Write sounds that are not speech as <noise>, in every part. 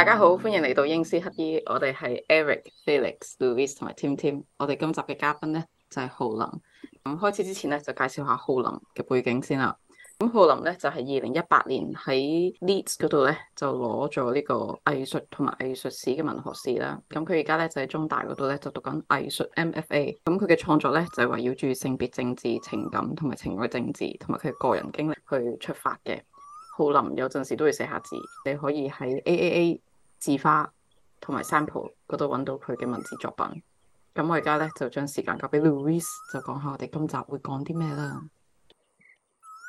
大家好，歡迎嚟到英詩乞衣，我哋係 Eric、Felix、Louis 同埋 Tim Tim。Tim. 我哋今集嘅嘉賓呢，就係、是、浩林。咁開始之前呢，就介紹下浩林嘅背景先啦。咁浩林呢，就係二零一八年喺 Leeds 嗰度呢，就攞咗呢個藝術同埋藝術史嘅文學士啦。咁佢而家呢，就喺中大嗰度呢，就讀緊藝術 MFA。咁佢嘅創作呢，就係圍繞住性別政治、情感同埋情愛政治，同埋佢個人經歷去出發嘅。浩林有陣時都會寫下字，你可以喺 AAA。字花同埋 sample 嗰度揾到佢嘅文字作品，咁我而家咧就將時間交俾 Louis，就講下我哋今集會講啲咩啦。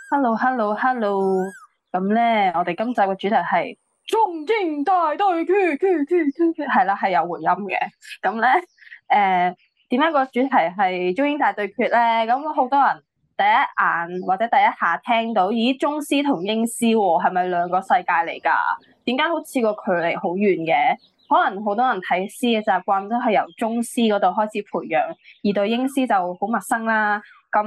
Hello，hello，hello。咁咧，我哋今集嘅主題係中英大對決決決決決。係啦，係有回音嘅。咁咧，誒點解個主題係《中英大對決》呢咧？咁好多人第一眼或者第一下聽到，咦，中詩同英詩喎，係咪兩個世界嚟㗎？點解好似個距離好遠嘅？可能好多人睇詩嘅習慣都係由中詩嗰度開始培養，而對英詩就好陌生啦。咁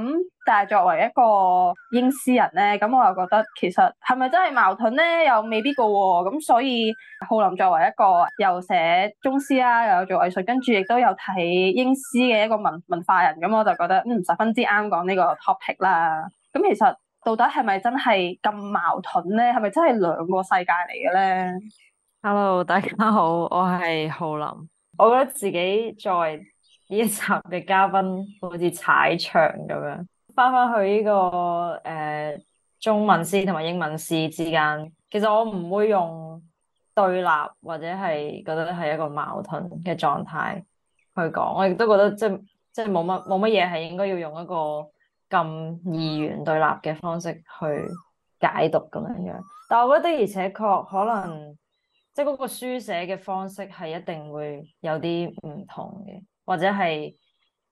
但係作為一個英詩人咧，咁我又覺得其實係咪真係矛盾咧？又未必噶喎、啊。咁所以浩林作為一個又寫中詩啦、啊，又有做藝術，跟住亦都有睇英詩嘅一個文文化人，咁我就覺得嗯十分之啱講呢個 topic 啦。咁其實～到底係咪真係咁矛盾咧？係咪真係兩個世界嚟嘅咧？Hello，大家好，我係浩林。我覺得自己作為呢一集嘅嘉賓，好似踩場咁樣，翻返去呢個誒、呃、中文詩同埋英文詩之間，其實我唔會用對立或者係覺得係一個矛盾嘅狀態去講。我亦都覺得即係即係冇乜冇乜嘢係應該要用一個咁二元對立嘅方式去解讀，咁樣樣。但我覺得的而且確可能即係、就是，個書寫嘅方式係一定會有啲唔同嘅，或者係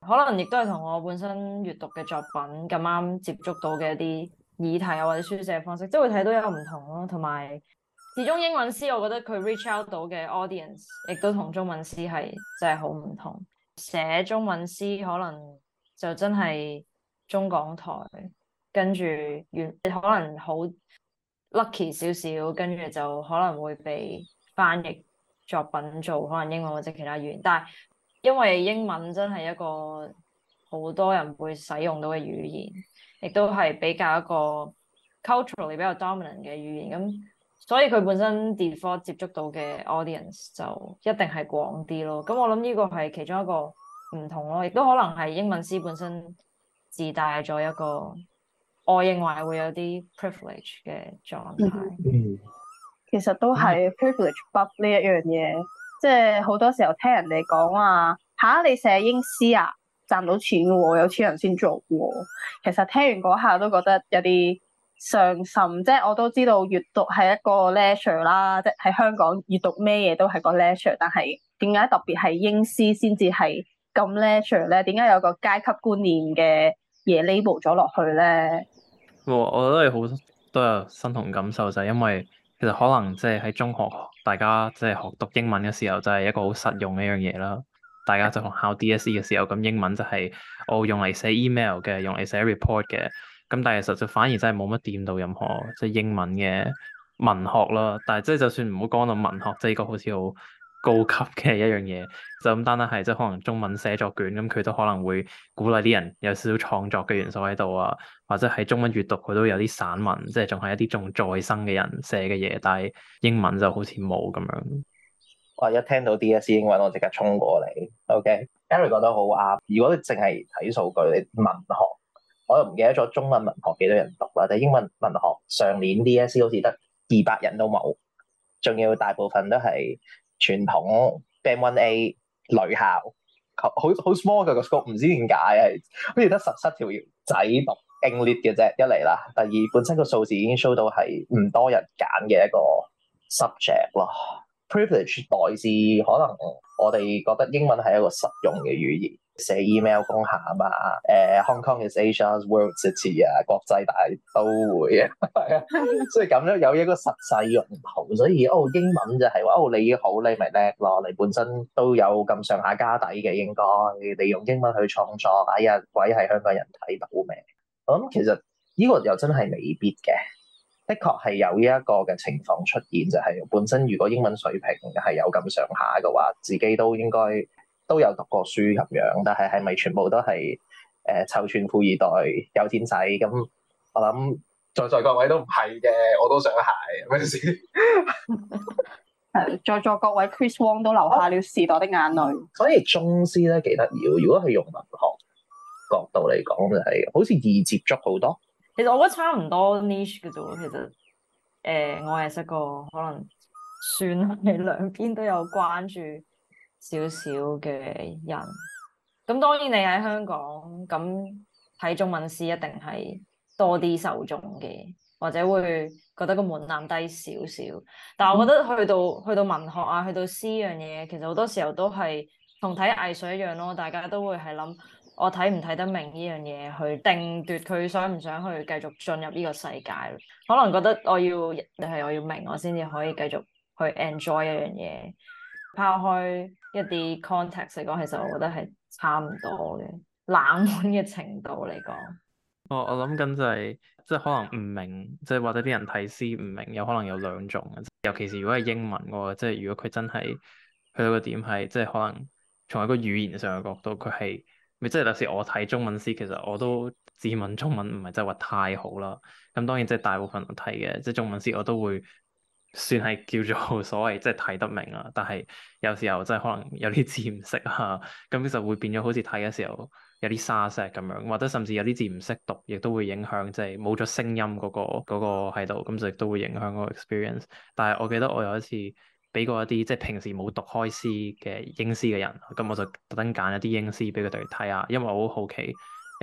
可能亦都係同我本身閱讀嘅作品咁啱接觸到嘅一啲議題，啊或者書寫方式，即係會睇到一個唔同咯。同埋始終英文詩，我覺得佢 reach out 到嘅 audience 亦都同中文詩係真係好唔同。寫中文詩可能就真係。中港台，跟住，原,可能好 lucky 少少，跟住就可能會被翻譯作品做可能英文或者其他語言，但係因為英文真係一個好多人會使用到嘅語言，亦都係比較一個 culturally 比較 dominant 嘅語言，咁所以佢本身 default 接觸到嘅 audience 就一定係廣啲咯。咁我諗呢個係其中一個唔同咯，亦都可能係英文詩本身，自帶咗一個，我認為會有啲 privilege 嘅狀態。嗯嗯、其實都係 privilege，book 呢、嗯、一樣嘢，即係好多時候聽人哋講話嚇，你寫英詩啊，賺到錢嘅喎，有錢人先做嘅喎。其實聽完嗰下都覺得有啲傷心。即係我都知道，閱讀係一個 lecture 啦，即係喺香港，閱讀咩嘢都係個 lecture，但係點解特別係英詩先至係咁 lecture 咧？點解有個階級觀念嘅？嘢 label 咗落去咧，我我覺得係好都有身同感受，就係、是、因為其實可能即係喺中學大家即係學讀英文嘅時候，就係一個好實用嘅一樣嘢啦。大家就學考 DSE 嘅時候，咁英文就係我用嚟寫 email 嘅，用嚟寫 report 嘅。咁但係其實就反而真係冇乜掂到任何即係、就是、英文嘅文學啦。但係即係就算唔好講到文學，即、就、係、是、個好似好。高級嘅一樣嘢，就咁單單係即係可能中文寫作卷咁，佢都可能會鼓勵啲人有少少創作嘅元素喺度啊，或者喺中文閱讀佢都有啲散文，即係仲係一啲仲在生嘅人寫嘅嘢。但係英文就好似冇咁樣。我、哦、一聽到 DSE 英文，我即刻衝過嚟。O、okay? K，Eric 講得好啱。如果你淨係睇數據你文學，我又唔記得咗中文文學幾多人讀啦。但、就、係、是、英文文學上年 DSE 好似得二百人都冇，仲要大部分都係。傳統 Band One A 女校，好好 small 嘅個 scope，唔知點解係，好似得十七條仔讀 English 嘅啫，一嚟啦，第二本身個數字已經 show 到係唔多人揀嘅一個 subject 咯、mm hmm.，privilege 代誌，可能我哋覺得英文係一個實用嘅語言。寫 email 工下嘛？誒、啊呃、，Hong Kong is Asia World City 啊，國際大都會啊，係啊，所以咁樣有一個實際用途，所以哦，英文就係話哦，你好，你咪叻咯，你本身都有咁上下家底嘅，應該你用英文去創作，哎呀，鬼係香港人睇到咩？我諗其實呢個又真係未必嘅，的確係有呢一個嘅情況出現，就係本身如果英文水平係有咁上下嘅話，自己都應該。都有讀過書咁樣，但係係咪全部都係誒臭串富二代有錢仔咁？我諗在座各位都唔係嘅，我都想係咁嘅事。係在座各位 Chris Wong 都流下了、啊、時代的眼淚。所以中詩咧幾得意，如果係用文學角度嚟講，就係、是、好似易接觸好多，其多。其實我覺得差唔多 niche 嘅啫。其實誒，我係識過，可能算係兩邊都有關注。少少嘅人，咁當然你喺香港咁睇中文詩，一定係多啲受眾嘅，或者會覺得個門檻低少少。但係我覺得去到、嗯、去到文學啊，去到詩呢樣嘢，其實好多時候都係同睇藝術一樣咯、哦。大家都會係諗，我睇唔睇得明呢樣嘢去定奪佢想唔想去繼續進入呢個世界，可能覺得我要即係我要明，我先至可以繼續去 enjoy 一樣嘢，拋開。一啲 context 嚟講，其實我覺得係差唔多嘅冷門嘅程度嚟講。哦，我諗緊就係、是，即係可能唔明，即係或者啲人睇詩唔明，有可能有兩種嘅。尤其是如果係英文喎，即係如果佢真係佢個點係，即係可能從一個語言上嘅角度，佢係咪即係？有時我睇中文詩，其實我都自問中文唔係真係話太好啦。咁當然即係大部分睇嘅，即係中文詩我都會。算係叫做所謂即係睇得明啦，但係有時候真係可能有啲字唔識啊，咁就會變咗好似睇嘅時候有啲沙石咁樣，或者甚至有啲字唔識讀，亦都會影響即係冇咗聲音嗰個嗰個喺度，咁就亦都會影響個 experience。但係我記得我有一次俾過一啲即係平時冇讀開詩嘅英詩嘅人，咁我就特登揀一啲英詩俾佢哋睇下，因為我好好奇。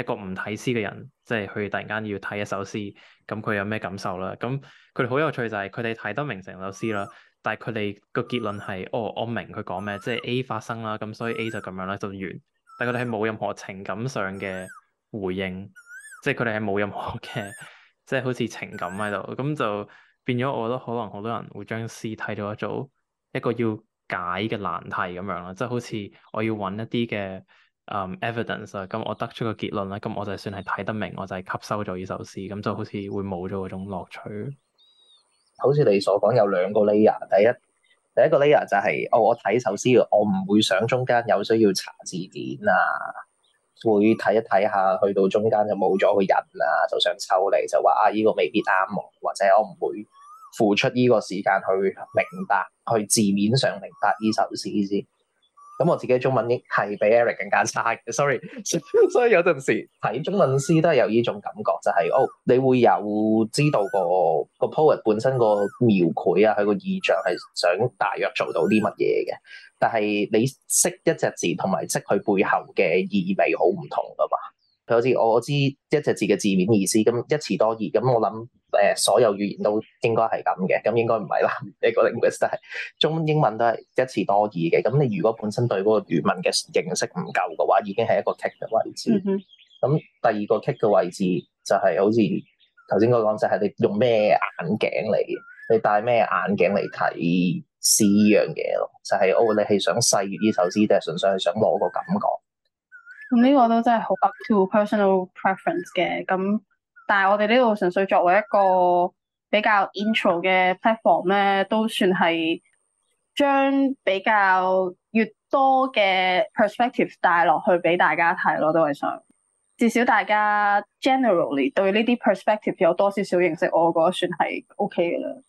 一個唔睇詩嘅人，即係佢突然間要睇一首詩，咁佢有咩感受啦？咁佢哋好有趣就係佢哋睇得明成首詩啦，但係佢哋個結論係：哦，我明佢講咩，即係 A 發生啦，咁所以 A 就咁樣啦，就完。但係佢哋係冇任何情感上嘅回應，即係佢哋係冇任何嘅，即 <laughs> 係好似情感喺度。咁就變咗，我覺得可能好多人會將詩睇做一種一個要解嘅難題咁樣啦，即係好似我要揾一啲嘅。evidence 啊，咁、um, 我得出個結論啦。咁我就是算係睇得明，我就係吸收咗呢首詩，咁就好似會冇咗嗰種樂趣。好似你所講，有兩個 layer，第一第一個 layer 就係我我睇首詩，我唔會想中間有需要查字典啊，會睇一睇下去到中間就冇咗個人啊，就想抽你。就」就話啊呢、呢個未必啱我，或者我唔會付出呢個時間去明白去字面上明白呢首詩先、啊。咁我自己中文亦係比 Eric 更加差嘅，sorry。 <laughs> 所以有陣時睇中文詩都係有呢種感覺，就係、是、哦，oh, 你會有知道、那個個 poet 本身個描繪啊，佢個意象係想大約做到啲乜嘢嘅。但係你識一隻字同埋識佢背後嘅意味好唔同㗎嘛。好似我知一隻字嘅字面意思，咁一詞多義，咁我諗誒、呃、所有語言都應該係咁嘅，咁應該唔係啦。你個 language 都係中英文都係一詞多義嘅。咁你如果本身對嗰個語文嘅認識唔夠嘅話，已經係一個棘嘅位置。咁、嗯、哼第二個棘嘅位置就係好似頭先我講，就係、是、你用咩眼鏡嚟？你戴咩眼鏡嚟睇詩依樣嘢咯？就係、是、哦，你係想細讀依首詩，定係純粹係想攞個感覺？咁呢、嗯，呢個都真係好 up to personal preference 嘅，咁、嗯、但係我哋呢度純粹作為一個比較 intro 嘅 platform 咧，都算係將比較越多嘅 perspective 帶落去俾大家睇咯，都係想。至少大家 generally 對呢啲 perspective 有多少少認識，我覺得算係 OK 嘅啦。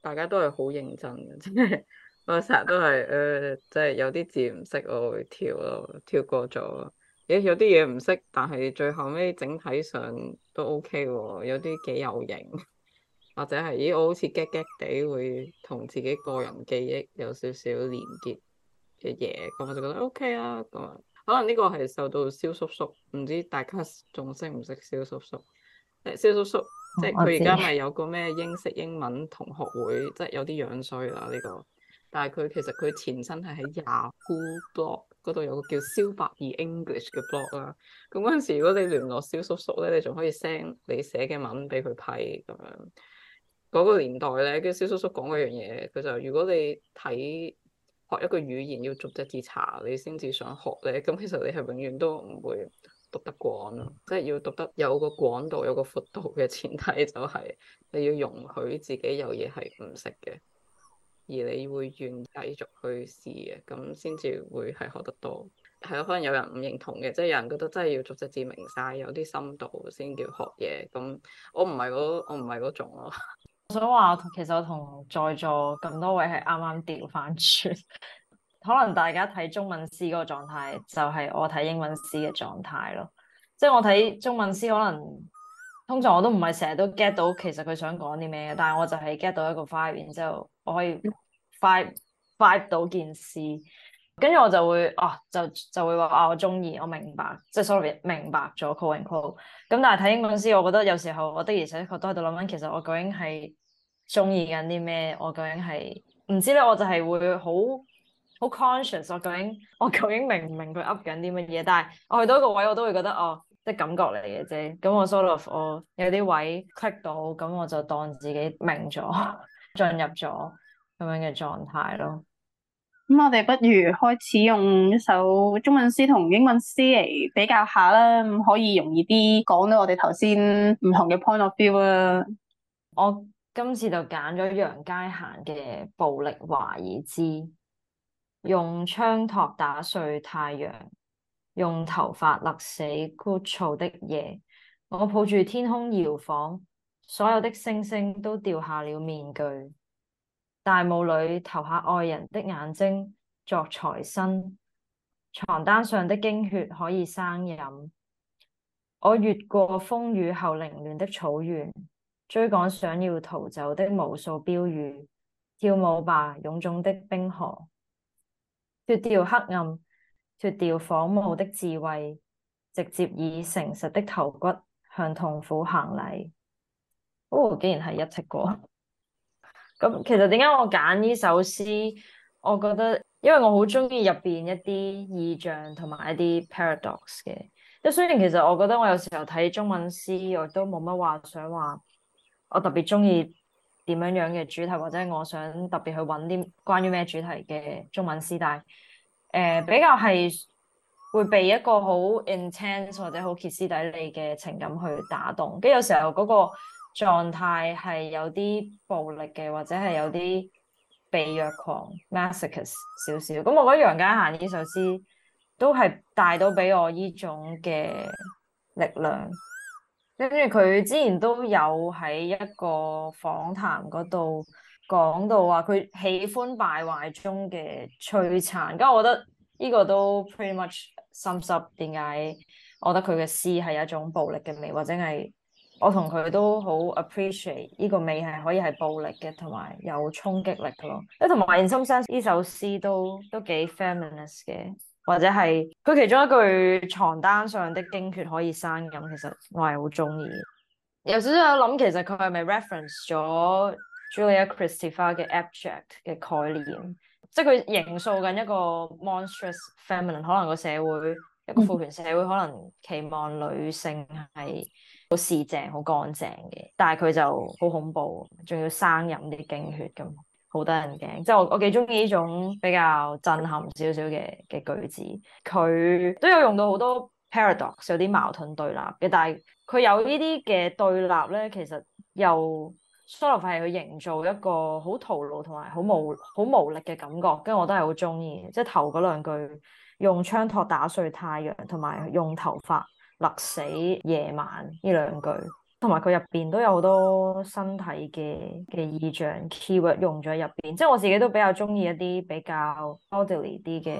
大家都係好認真嘅。 <laughs> 我成日都係誒，即、呃、係、就是、有啲字唔識，我會跳咯，跳過咗。咦、欸，有啲嘢唔識，但係最後尾整體上都 OK 喎，有啲幾有型。或者係咦，我好似激激地會同自己個人記憶有少少連結嘅嘢，咁我就覺得 OK 啊。咁可能呢個係受到蕭叔叔，唔知大家仲識唔識蕭叔叔？誒、欸，蕭叔叔即係佢而家咪有個咩英、英、嗯、英式英文同學會，即係有啲樣衰啦呢個。但係佢其實佢前身係喺 Yahoo Blog 嗰度有個叫蕭百二 English 嘅 blog 啦。咁嗰陣時，如果你聯絡蕭叔叔咧，你仲可以 send 你寫嘅文俾佢批咁樣。嗰、嗰個年代咧，跟蕭叔叔講嗰樣嘢，佢就如果你睇學一個語言要逐一字自查，你先至想學咧，咁其實你係永遠都唔會讀得廣咯。即係要讀得有個廣度、有個闊度嘅前提，就係，就係你要容許自己有嘢係唔識嘅。而你會願繼續去試嘅，咁先至會係學得多。係咯，可能有人唔認同嘅，即係有人覺得真係要逐隻字明晒，有啲深度先叫學嘢。咁我唔係嗰，我唔係嗰種咯、啊。我想話，其實我同在座咁多位係啱啱調翻轉，可能大家睇中文詩嗰個狀態，就係、是、我睇英文詩嘅狀態咯。即係我睇中文詩，可能。通常我都唔係成日都 get 到其實佢想講啲咩，嘅，但係我就係 get 到一個 five，然之後我可以 five five 到件事，跟住我就會哦、啊，就就會話啊我中意，我明白，即係 sorry 明白咗 calling call。咁但係睇英文詩，我覺得有時候我的而且確都喺度諗緊，其實我究竟係中意緊啲咩？我究竟係唔知咧？我就係會好好 conscious，我究竟我究竟明唔明佢噏緊啲乜嘢？但係我去到一個位，我都會覺得哦。即係感覺嚟嘅啫，咁我 sort of 我有啲位 click 到，咁我就當自己明咗，進入咗咁樣嘅狀態咯。咁我哋不如開始用一首中文詩同英文詩嚟比較下啦，可以容易啲講到我哋頭先唔同嘅 point of view 啊。我今次就揀咗楊佳嫻嘅《暴力華爾滋》，用槍托打碎太陽。用頭髮勒死枯燥的夜，我抱住天空搖晃，所有的星星都掉下了面具。大霧裏投下愛人的眼睛作財身，床單上的經血可以生飲。我越過風雨後凌亂的草原，追趕想要逃走的無數標語，跳舞吧，臃腫的冰河，脱掉黑暗。脫掉仿冒的智慧，直接以誠實的頭骨向痛苦行禮。哦，竟然係一尺過。咁其實點解我揀呢首詩？我覺得，因為我好中意入邊一啲意象同埋一啲 paradox 嘅。即雖然其實我覺得我有時候睇中文詩，我都冇乜話想話我特別中意點樣樣嘅主題，或者我想特別去揾啲關於咩主題嘅中文詩，但係。誒、呃，比較係會被一個好 intense 或者好歇斯底里嘅情感去打動，跟住有時候嗰個狀態係有啲暴力嘅，或者係有啲被虐狂 （masochist） 少少。咁我覺得楊佳嫻呢首詩都係帶到俾我呢種嘅力量，跟住佢之前都有喺一個訪談嗰度。講到話佢喜歡敗壞中嘅摧殘，咁我覺得呢個都 pretty much sums up 點解，我覺得佢嘅詩係一種暴力嘅味，或者係我同佢都好 appreciate 呢個味係可以係暴力嘅，同埋有，有衝擊力咯。誒，同埋 in some sense 呢首詩都都幾 feminist 嘅，或者係佢其中一句床單上的經血可以生飲，其實我係好中意。有少少諗，其實佢係咪 reference 咗 Julia Kristeva 嘅 abject 嘅概念，即係佢營造緊一個 monstrous feminine，可能個社會一個父權社會，可能期望女性係好四正、好乾淨嘅，但係佢就好恐怖，仲要生飲啲經血咁，好得人驚。即係我我幾鍾意呢種比較震撼少少嘅嘅句子，佢都有用到好多 paradox，有啲矛盾對立嘅，但係佢有呢啲嘅對立咧，其實又～梳頭髮係去營造一個好徒勞同埋好無好無力嘅感覺，跟住我都係好中意，即係頭嗰兩句用槍托打碎太陽，同埋用頭髮勒死夜晚呢兩句，同埋佢入邊都有好多身體嘅嘅意象 keyword 用咗喺入邊，即係我自己都比較中意一啲比較 orderly 啲嘅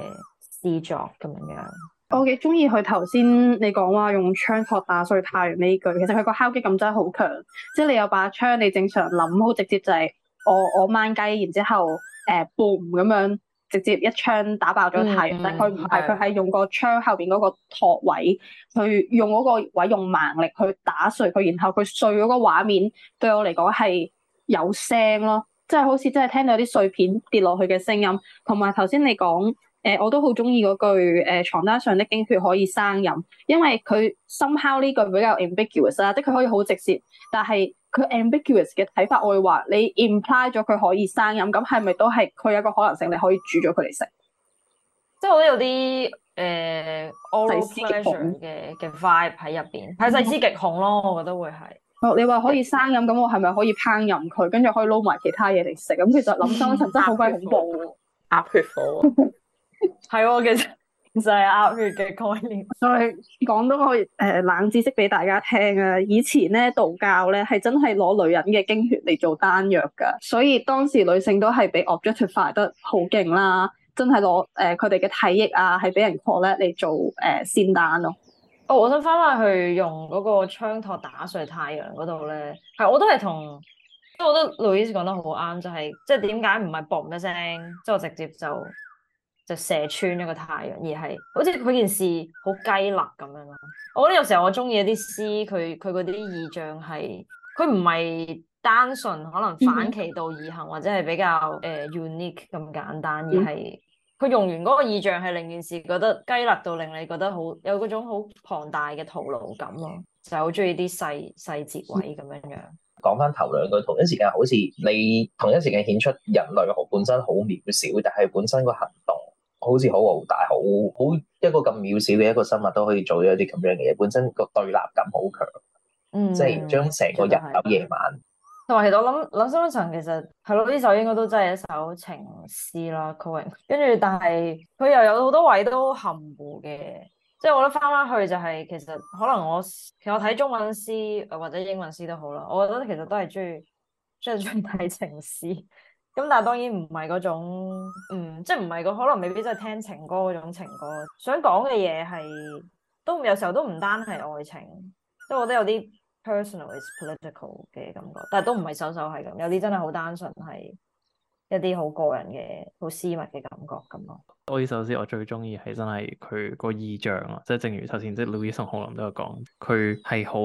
詩作咁樣樣。我幾中意佢頭先你講話用槍托打碎太陽呢句，其實佢個敲擊感真係好強，即係你有把槍，你正常諗好直接就係我我掹雞，然之後誒 boom 咁樣直接一槍打爆咗太陽，但佢唔係，佢係的用個槍後邊嗰個托位去用嗰個位用蠻力去打碎佢，然後佢碎嗰個畫面對我嚟講係有聲咯，即係好似真係聽到啲碎片跌落去嘅聲音，同埋頭先你講。誒、呃、我都好中意嗰句誒牀單上的經血可以生飲，因為佢 somehow 呢句比較 ambiguous 啦，即佢可以好直接，但係佢 ambiguous 嘅睇法，我會話你 imply 咗佢可以生飲，咁係咪都係佢有一個可能性你可以煮咗佢嚟食？即係我都有啲誒細思極恐嘅嘅 vibe 喺入邊，係細思極恐咯，我覺得會係、哦。你話可以生飲，咁我係咪可以烹飲佢，跟住可以撈埋其他嘢嚟食？咁、嗯、其實諗深一層真係好鬼恐怖， <laughs> 鴨血火 <laughs> 係、 <laughs> 哦，其實其實係鴨血嘅概念。 <laughs> Sorry, 講到我係廣東，我、呃、誒冷知識俾大家聽啊！以前咧道教咧係真係攞女人嘅經血嚟做丹藥噶，所以當時女性都係被 objectify 得好勁啦，真係攞誒佢哋嘅體液啊，係俾人 call 咧嚟做誒仙、呃、丹咯。哦，我想翻返去用嗰個槍托打碎太陽嗰度咧，係我都係同，因為我覺得劉醫生講得好啱，就係即係點解唔係嘣一聲，即、就、係、是、直接就。就射穿一個太陽，而係好似佢件事好雞肋咁樣咯。我覺得有時候我中意一啲詩，佢佢嗰啲意象係佢唔係單純可能反其道而行，或者係比較誒、呃、unique 咁簡單，而係佢用完嗰個意象係令件事，覺得雞肋到令你覺得好有嗰種好龐大嘅徒路感徒勞感咯、啊。就係好中意啲細細節位咁樣樣。講翻頭兩句，同一時間好似你同一時間顯出人類好本身好渺小，但係本身個行動。好似好大，好好一個咁渺小嘅一個生物都可以做咗一啲咁樣嘅嘢，本身個對立感好強，嗯，即係將成個人喺夜晚。同埋、嗯、其實我諗諗深一層其實係咯，呢首應該都真係一首情詩啦 c o r n 跟住但係佢又有好多位都含糊嘅，即係我覺得返返去就係其實可能我其實睇中文詩或者英文詩都好啦，我覺得其實都係中意，即係中意睇情詩。咁但係當然唔係嗰種，嗯，即係唔係個可能未必真係聽情歌嗰種情歌，想講嘅嘢係都有時候都唔單係愛情，都我覺得有啲 personal is political 嘅感覺，但係都唔係首首係咁，有啲真係好單純係一啲好個人嘅好私密嘅感覺咁咯。我呢首詩我最中意係真係佢個意象啊，即係正如頭先即係 Louis 同浩林都有講，佢係好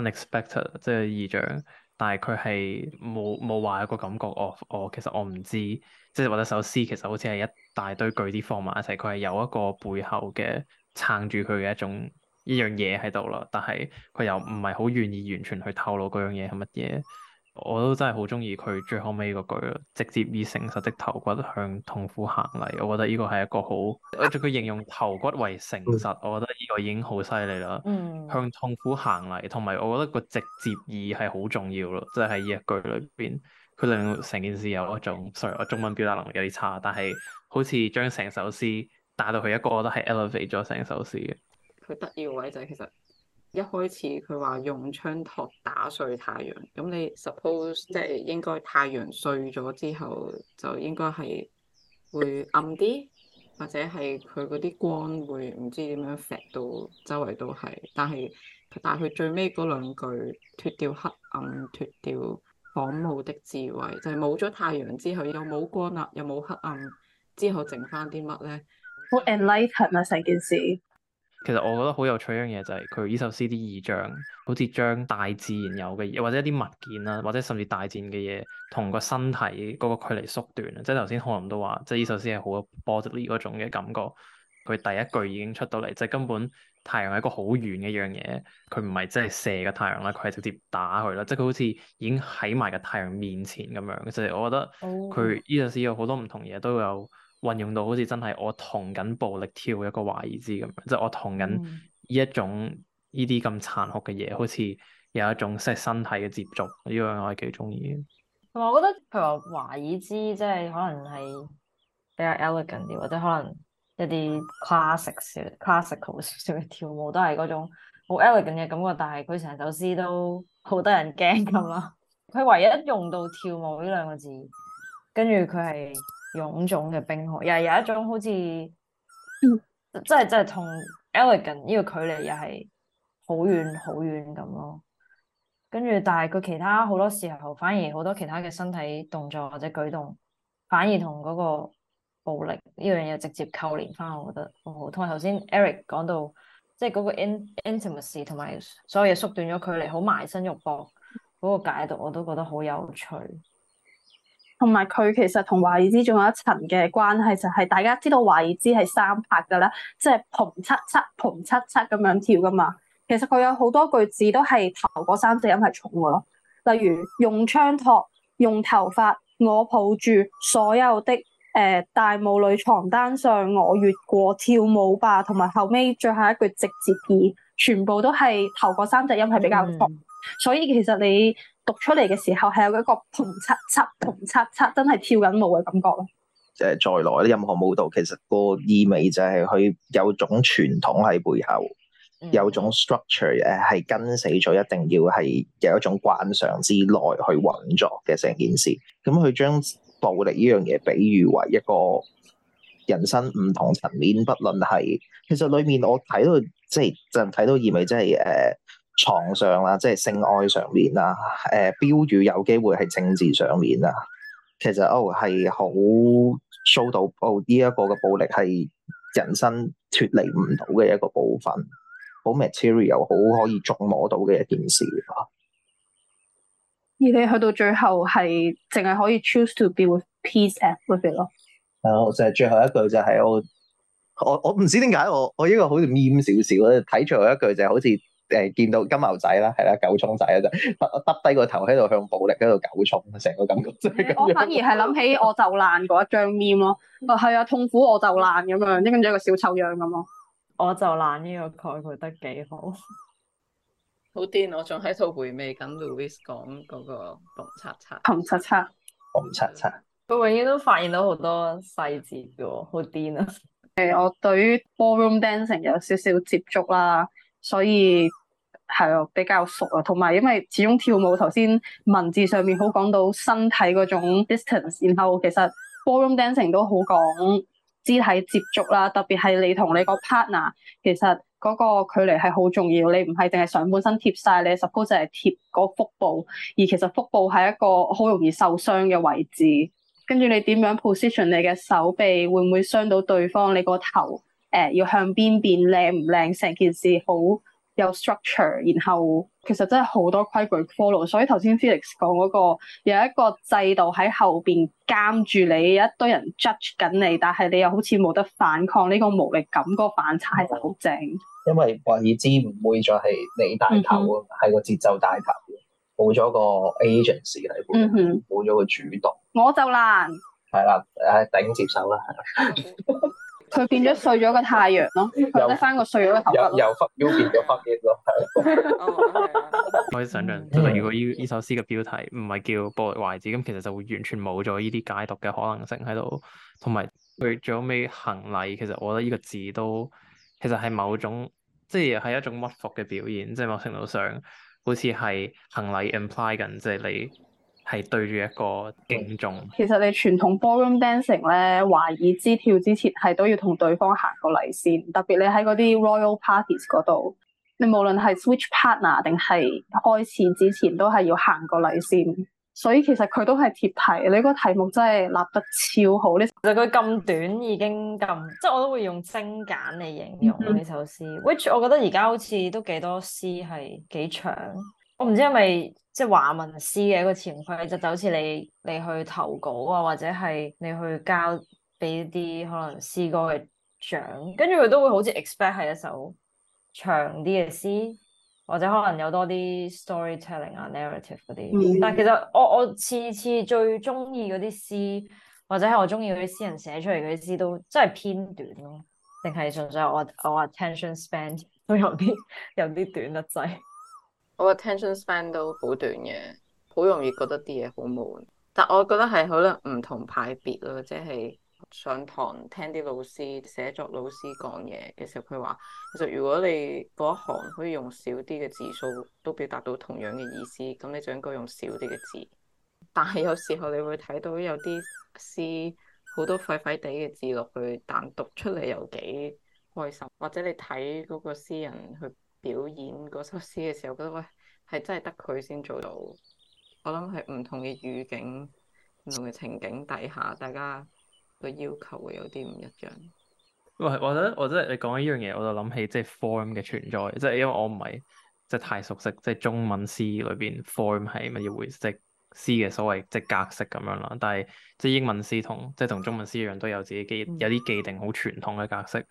unexpected，即係意象。就是但係佢係冇冇話有一個感覺，我我其實我唔知，即係或者首詩其實好似係一大堆句啲放埋一齊，佢係有一個背後嘅撐住佢嘅一種一樣嘢喺度咯。但係佢又唔係好願意完全去透露嗰樣嘢係乜嘢。我都真係好中意佢最後尾嗰句咯，直接以誠實的頭骨向痛苦行嚟。我覺得呢個係一個好，佢形容頭骨為誠實，我覺得呢個已經好犀利啦。向痛苦行嚟，同埋我覺得個直接意係好重要咯，即係喺呢一句裏邊，佢令成件事有一種、嗯、，sorry，我中文表達能力有啲差，但係好似將成首詩帶到佢一個，我覺得係 elevate 咗成首詩嘅。佢得意嘅位就係其實。一開始佢話用槍托打碎太陽，咁你 suppose 即係應該太陽碎咗之後，就應該係會暗啲，或者係佢嗰啲光會唔知點樣曬到周圍都係。但係但係佢最尾嗰兩句脫掉黑暗、脫掉仿冒的智慧，就係冇咗太陽之後，又冇光啦，又冇黑暗之後剩，剩翻啲乜咧？好 enlighten 啊！係咪？成件事。其實我覺得好有趣一樣嘢就係佢呢首詩啲意象，好似將大自然有嘅嘢，或者一啲物件啦，或者甚至大戰嘅嘢，同個身體嗰個距離縮短，即係頭先可能都話，即係呢首詩係好 bodily 嗰種嘅感覺。佢第一句已經出到嚟，即係根本太陽係一個好遠嘅一樣嘢，佢唔係真係射個太陽啦，佢係直接打佢啦，即係佢好似已經喺埋個太陽面前咁樣。其實我覺得佢呢首詩有好多唔同嘢都有。運用到好似真係我同緊暴力跳一個華爾茲咁樣，即係我同緊呢一種呢啲咁殘酷嘅嘢，好似有一種識身體嘅接觸，呢個我係幾中意嘅。同埋、嗯、我覺得，譬如話華爾茲，即係可能係比較 elegant 啲，或者可能一啲 classic classical 少少嘅跳舞，都係嗰種好 elegant 嘅感覺。但係佢成首詩都好得人驚咁咯。佢 <laughs> 唯一用到跳舞呢兩個字，跟住佢係。臃腫嘅冰河，又係有一種好似，即係即係同 elegant 呢個距離又係好遠好遠咁咯。跟住，但係佢其他好多時候，反而好多其他嘅身體動作或者舉動，反而同嗰個暴力呢樣嘢直接扣連翻。我覺得好，哦，同埋頭先 Eric 講到，即係嗰個 intimacy 同埋所有嘢縮短咗距離，好埋身肉搏嗰個解讀，我都覺得好有趣。同埋佢其實同華爾茲仲有一層嘅關係，就係大家知道華爾茲係三拍㗎啦，即係蓬七七蓬七七咁樣跳噶嘛。其實佢有好多句子都係頭嗰三隻音係重嘅咯。例如用槍托、用頭髮、我抱住所有的誒、呃、大母女床單上，我越過跳舞吧，同埋後尾最後一句直接語，全部都係頭嗰三隻音係比較重。嗯、所以其實你，讀出嚟嘅時候係有一個同七七同七七，真係跳緊舞嘅感覺咯。誒，再嚟，任何舞蹈其實個意味就係佢有種傳統喺背後，嗯、有種 structure 誒係跟死咗，一定要係有一種慣常之內去運作嘅成件事。咁佢將暴力呢樣嘢比喻為一個人生唔同層面，不論係其實裏面我睇到即係就睇到意味、就是，即係誒。床上啦，即係性愛上面啦。誒、呃、標語有機會係政治上面啦。其實哦，係好 show 到哦呢一個嘅暴力係人生脫離唔到嘅一個部分，好 material 又好可以觸摸到嘅一件事，而你去到最後係淨係可以 choose to be with peace with it 咯。係啊，就係最後一句就係、是、我我我唔知點解我我呢個好似 mean 少少睇睇最後一句就係、是、好似。誒、呃、見到金牛仔啦，係啦，九衝仔啊，就耷低個頭喺度向暴力，喺度九衝，成個感覺即係咁樣。我反而係諗起我就爛嗰一張面咯，啊係啊，痛苦我就爛咁樣，跟住一個小丑樣咁咯。我就爛呢個概括得幾好，好癲！ <laughs> 我仲喺度回味緊 Louis 講嗰、那個紅擦擦，紅擦擦，紅擦擦。佢、嗯嗯嗯嗯嗯、永遠都發現到好多細節嘅喎，好癲啊！誒， <laughs> 我對於 ballroom dancing 有少少接觸啦，所以。係啊，比較熟啊，同埋因為始終跳舞，頭先文字上面好講到身體嗰種 distance，然後其實 ballroom dancing 都好講肢體接觸啦，特別係你同你個 partner，其實嗰個距離係好重要，你唔係淨係上半身貼晒，你十個字係貼嗰腹部，而其實腹部係一個好容易受傷嘅位置。跟住你點樣 position 你嘅手臂，會唔會傷到對方？你個頭誒、呃、要向邊邊，靚唔靚？成件事好～有 structure，然後其實真係好多規矩 follow，所以頭先 Felix 講嗰、嗰個有一個制度喺後邊監住你，一堆人 judge 緊你，但係你又好似冇得反抗呢、呢個無力感，嗰個反差其實好正。因為話已知唔會再係你帶頭，係、mm hmm. 個節奏帶頭，冇咗個 agency 嚟、mm，冇、hmm. 咗個主動，我就難。係啦，頂接受啦。 <laughs> 佢變咗碎咗個太陽咯，佢得翻個碎咗嘅頭。又又忽標變咗忽嘢咯。我可以想象，就係如果呢依首詩嘅標題唔係叫《玻璃壞子》，咁其實就會完全冇咗呢啲解讀嘅可能性喺度。同埋佢最後尾行禮，其實我覺得呢個字都其實係某種，即係係一種屈服嘅表現。即係某程度上，好似係行禮，imply 緊即係你。係對住一個鏡中。其實你傳統 ballroom dancing 咧，華爾滋跳之前係都要同對方行過禮先。特別你喺嗰啲 royal parties 嗰度，你無論係 switch partner 定係開始之前都係要行過禮先。所以其實佢都係貼題。你個題目真係立得超好。其實佢咁短已經咁，即係我都會用精簡嚟形容呢首詩。Mm hmm. Which 我覺得而家好似都幾多詩係幾長。我唔知係咪即係華文詩嘅一個潛規，就就好似你你去投稿啊，或者係你去交俾啲可能詩歌嘅獎，跟住佢都會好似 expect 係一首長啲嘅詩，或者可能有多啲 storytelling 啊、narrative 啲。但係其實我我次次最中意嗰啲詩，或者係我中意嗰啲詩人寫出嚟嗰啲詩，都真係偏短咯。定係純粹我我 attention span 都有啲有啲短得滯。 <laughs> 我 attention span 都好短嘅，好容易覺得啲嘢好悶，但我覺得係可能唔同派別咯，即係上堂聽啲老師寫作老師講嘢嘅時候，佢話，其實如果你嗰一行可以用少啲嘅字數都表達到同樣嘅意思，咁你就應該用少啲嘅字。但係有時候你會睇到有啲詩好多廢廢地嘅字落去，但讀出嚟又幾開心。或者你睇嗰個詩人去。表演嗰首詩嘅時候，我覺得喂，係真係得佢先做到。我諗喺唔同嘅語境、唔同嘅情景底下，大家個要求會有啲唔一樣。喂，或者或者你講緊呢樣嘢，我就諗起即係、就是、form 嘅存在，即係因為我唔係即係太熟悉即係、就是、中文詩裏邊 form 係乜嘢回事，即係詩嘅所謂即係、就是、格式咁樣啦。但係即係英文詩同即係同中文詩一樣，都有自己既有啲既定好傳統嘅格式，嗯、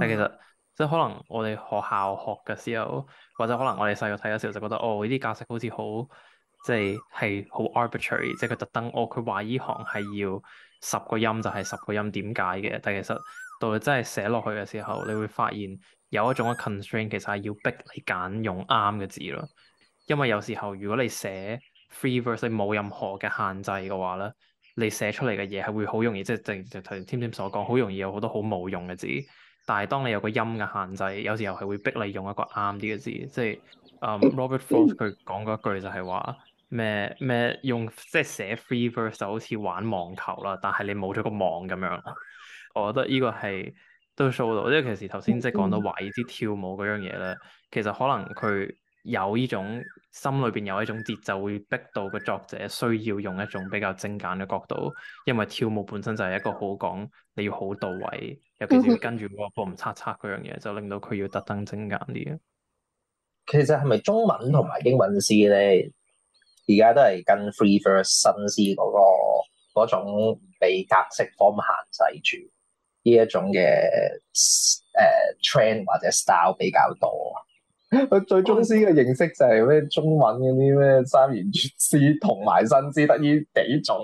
但其實。即係可能我哋學校學嘅時候，或者可能我哋細個睇嘅時候，就覺得哦，呢啲價值好似好，即係係好 arbitrary，即係佢特登，我佢話依行係要十個音就係十個音，點解嘅？但係其實到真係寫落去嘅時候，你會發現有一種 constraint 其實係要逼你揀用啱嘅字咯。因為有時候如果你寫 free verse，你冇任何嘅限制嘅話咧，你寫出嚟嘅嘢係會好容易，即係正就頭先 Tian Tian 所講，好容易有好多好冇用嘅字。但係當你有個音嘅限制，有時候係會逼你用一個啱啲嘅字。即係，um，Robert Frost 佢講過一句就係話咩咩用即係寫 free verse 就好似玩網球啦，但係你冇咗個網咁樣。我覺得呢個係都 show 到，因為其實頭先即係講到懷疑啲跳舞嗰樣嘢咧，其實可能佢有呢種心裏邊有一種節奏，會逼到個作者需要用一種比較精簡嘅角度，因為跳舞本身就係一個好講你要好到位。跟住嗰個唔擦擦嗰樣嘢，就令到佢要特登精簡啲嘅。其實係咪中文同埋英文詩咧，而家都係跟 free verse 新詩嗰、嗰個嗰種被格式方限制住呢一種嘅誒、uh, trend 或者 style 比較多？佢 <laughs> 最中詩嘅形式就係咩中文嗰啲咩三言絕詩同埋新詩得呢幾種，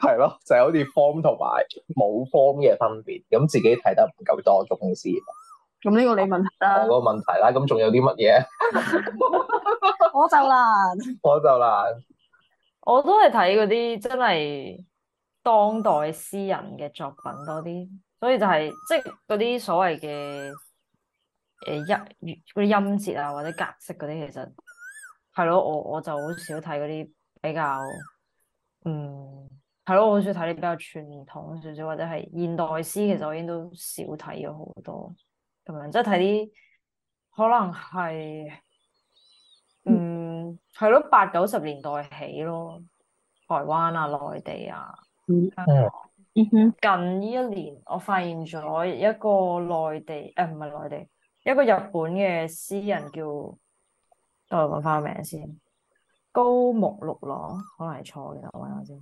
係咯，就是、好似 form 同埋冇 form 嘅分別，咁自己睇得唔夠多中詩。咁呢個你問啦、啊，我個問題啦，咁仲有啲乜嘢？ <laughs> <laughs> 我就難， <laughs> 我就難，我都係睇嗰啲真係當代詩人嘅作品多啲，所以就係、是、即係嗰啲所謂嘅。誒，uh, 一音嗰啲音節啊，或者格式嗰啲，其實係咯，我我就好少睇嗰啲比較，嗯，係咯，我好少睇啲比較傳統少少，或者係現代詩，其實我已經都少睇咗好多，咁樣即係睇啲，可能係，嗯，係咯、mm.，八九十年代起咯，台灣啊，內地啊，mm. Mm hmm. 近呢一年我發現咗一個內地誒，唔、哎、唔係內地。一個日本嘅詩人叫，我嚟搵翻個名先，高木六郎，可能係錯嘅，我搵下先。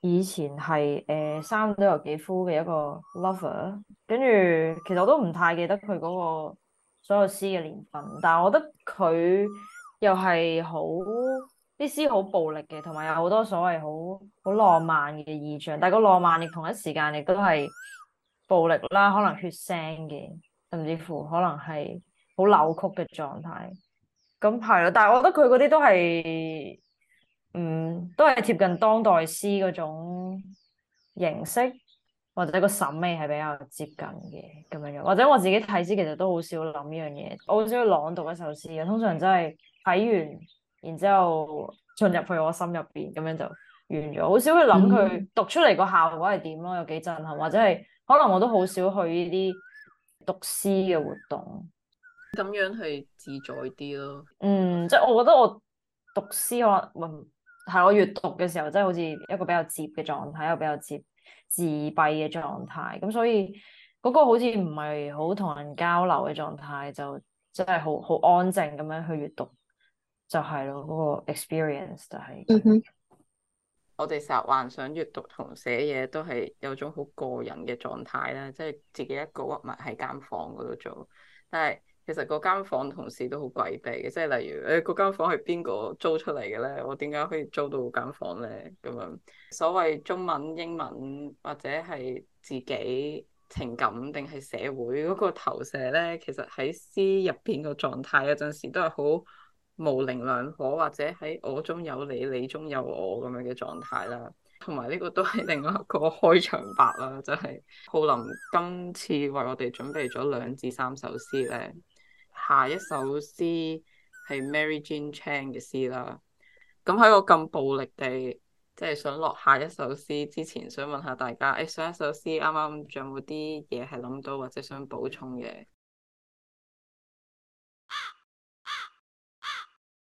以前係誒、呃、三島由紀夫嘅一個 lover，跟住其實我都唔太記得佢嗰個所有詩嘅年份，但係我覺得佢又係好啲詩好暴力嘅，同埋有好多所謂好好浪漫嘅意象，但係個浪漫，亦同一時間亦都係暴力啦，可能血腥嘅。甚至乎可能係好扭曲嘅狀態，咁係咯。但係我覺得佢嗰啲都係，嗯，都係貼近當代詩嗰種形式，或者個審美係比較接近嘅咁樣樣。或者我自己睇詩，其實都好少諗呢樣嘢，我好少去朗讀一首詩嘅，通常真係睇完，然之後進入去我心入邊，咁樣就完咗。好少去諗佢讀出嚟個效果係點咯，有幾震撼，或者係可能我都好少去呢啲。讀詩嘅活動，咁樣係自在啲咯。嗯，即係我覺得我讀詩可能，係我，我，我閱讀嘅時候，即係好似一個比較接嘅狀態，一個比較接自，自閉嘅狀態。咁所以嗰個好似唔係好同人交流嘅狀態，就真係好好安靜咁樣去閱讀，就係咯嗰個 experience 就係。Mm hmm. 我哋成日幻想閱讀同寫嘢都係有種好個人嘅狀態啦，即係自己一個屈埋喺間房嗰度做。但係其實嗰間房同事都好詭秘嘅，即係例如誒嗰間房係邊個租出嚟嘅咧？我點解可以租到嗰間房咧？咁樣所謂中文、英文或者係自己情感定係社會嗰個投射咧，其實喺詩入邊個狀態有陣時都係好。無零兩可——或者喺我中有你，你中有我咁樣嘅狀態啦，同埋呢個都係另外一個開場白啦，就係、是、浩林今次為我哋準備咗兩至三首詩咧。下一首詩係 Mary Jean Chan 嘅詩啦。咁喺我咁暴力地即係、就是、想落下一首詩之前，想問下大家，誒、哎，上一首詩啱啱仲有冇啲嘢係諗到或者想補充嘅？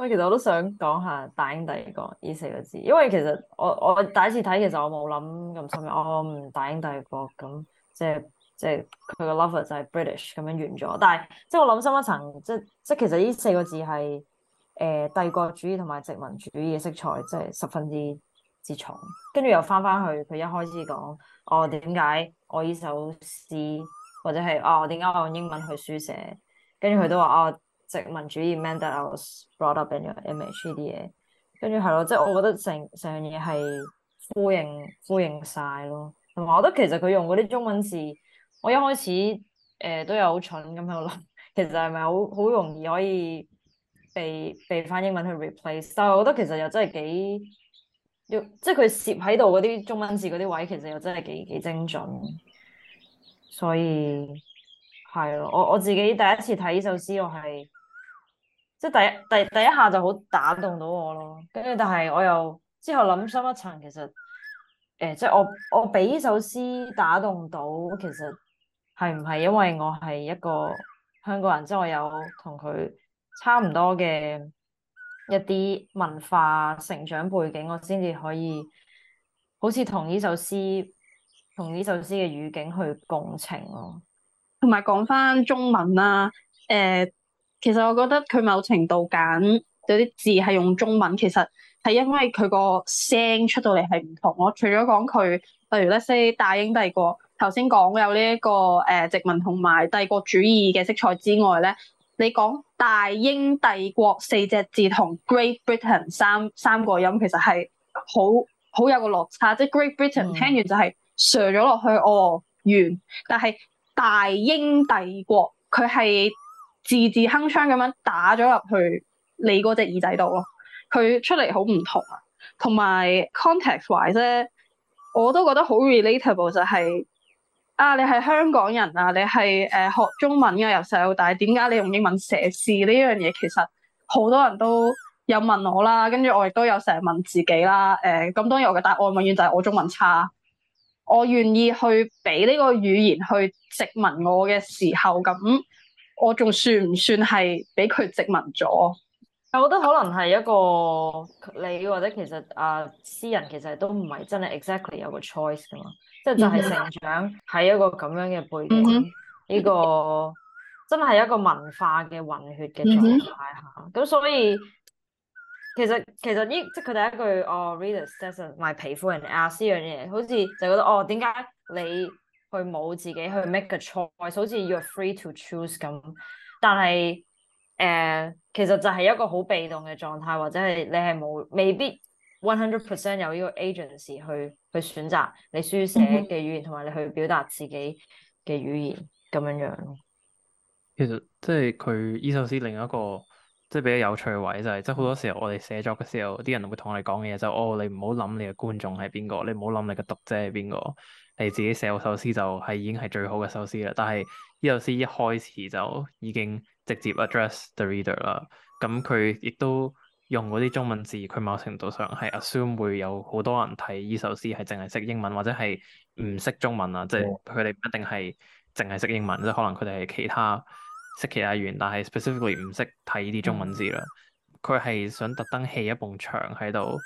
喂，其實我都想講下大英帝國呢四個字，因為其實我我第一次睇，其實我冇諗咁深，我、哦、唔大英帝國咁，即係即係佢個 lover 就係 British 咁樣完咗。但係即係我諗深一層，即係即係其實呢四個字係誒、呃、帝國主義同埋殖民主義嘅色彩，即係十分之之重。跟住又返返去佢一開始講，哦、我點解我呢首詩或者係哦點解我用英文去書寫，跟住佢都話哦。殖民主義 meant that I was brought up in your image 啲嘢，跟住係咯，即係我覺得成成樣嘢係呼應、呼應晒咯，同埋我覺得其實佢用嗰啲中文字，我一開始誒、呃、都有好蠢咁喺度諗，其實係咪好好容易可以被被翻英文去 replace？但係我覺得其實又真係幾要，即係佢攝喺度嗰啲中文字嗰啲位，其實又真係幾幾精準，所以係咯，我我自己第一次睇呢首詩，我係～即係第一、第一第一下就好打動到我咯，跟住但係我又之後諗深一層，其實誒、呃，即係我我俾呢首詩打動到，其實係唔係因為我係一個香港人，即係我有同佢差唔多嘅一啲文化成長背景，我先至可以好似同呢首詩同呢首詩嘅語境去共情咯。同埋講返中文啦、啊，誒、呃。其實我覺得佢某程度揀嗰啲字係用中文，其實係因為佢個聲出到嚟係唔同咯。除咗講佢，例如咧，say 大英帝國頭先講有呢一個誒殖民同埋帝國主義嘅色彩之外咧，你講大英帝國四隻字同 Great Britain 三三個音，其實係好好有個落差，即係 Great Britain 聽完就係削咗落去哦完，但係大英帝國佢係。字字鏗鏘咁樣打咗入去你嗰隻耳仔度咯，佢出嚟好唔同啊。同埋 context-wise 咧，wise，我都覺得好 relatable 就係、是、啊，你係香港人啊，你係誒、呃、學中文啊，由細到大，點解你用英文寫詩呢樣嘢？其實好多人都有問我啦，跟住我亦都有成日問自己啦。誒、呃，咁當然我嘅答案永遠就係我中文差，我願意去俾呢個語言去殖民我嘅時候咁。我仲算唔算係俾佢殖民咗？我覺得可能係一個你或者其實啊私人，其實都唔係真係 exactly 有個 choice 嘅嘛，即係就係成長喺一個咁樣嘅背景，呢、mm hmm. 個真係一個文化嘅混血嘅狀態下，咁、mm hmm. 啊、所以其實其實呢即係佢第一句哦 readers scent my 皮膚 and ask 呢樣嘢，好似就覺得哦點解你？佢冇自己去 make 個 choice，好似 you are free to choose 咁。但係誒、呃，其實就係一個好被動嘅狀態，或者係你係冇未必 one hundred percent 有呢個 agency 去去選擇你書寫嘅語言，同埋你去表達自己嘅語言咁樣樣。其實即係佢呢首詩另一個即係比較有趣嘅位就係、是，即係好多時候我哋寫作嘅時候，啲人會同我哋講嘅嘢就哦，你唔好諗你嘅觀眾係邊個，你唔好諗你嘅讀者係邊個。你自己寫個首詩就係已經係最好嘅首詩啦。但係呢首詩一開始就已經直接 address the reader 啦。咁佢亦都用嗰啲中文字，佢某程度上係 assume 會有好多人睇呢首詩係淨係識英文，或者係唔識中文啊。即係佢哋一定係淨係識英文，哦、即係可能佢哋係其他識其他語言，但係 specifically 唔識睇呢啲中文字啦。佢係、嗯、想特登起一埲牆喺度，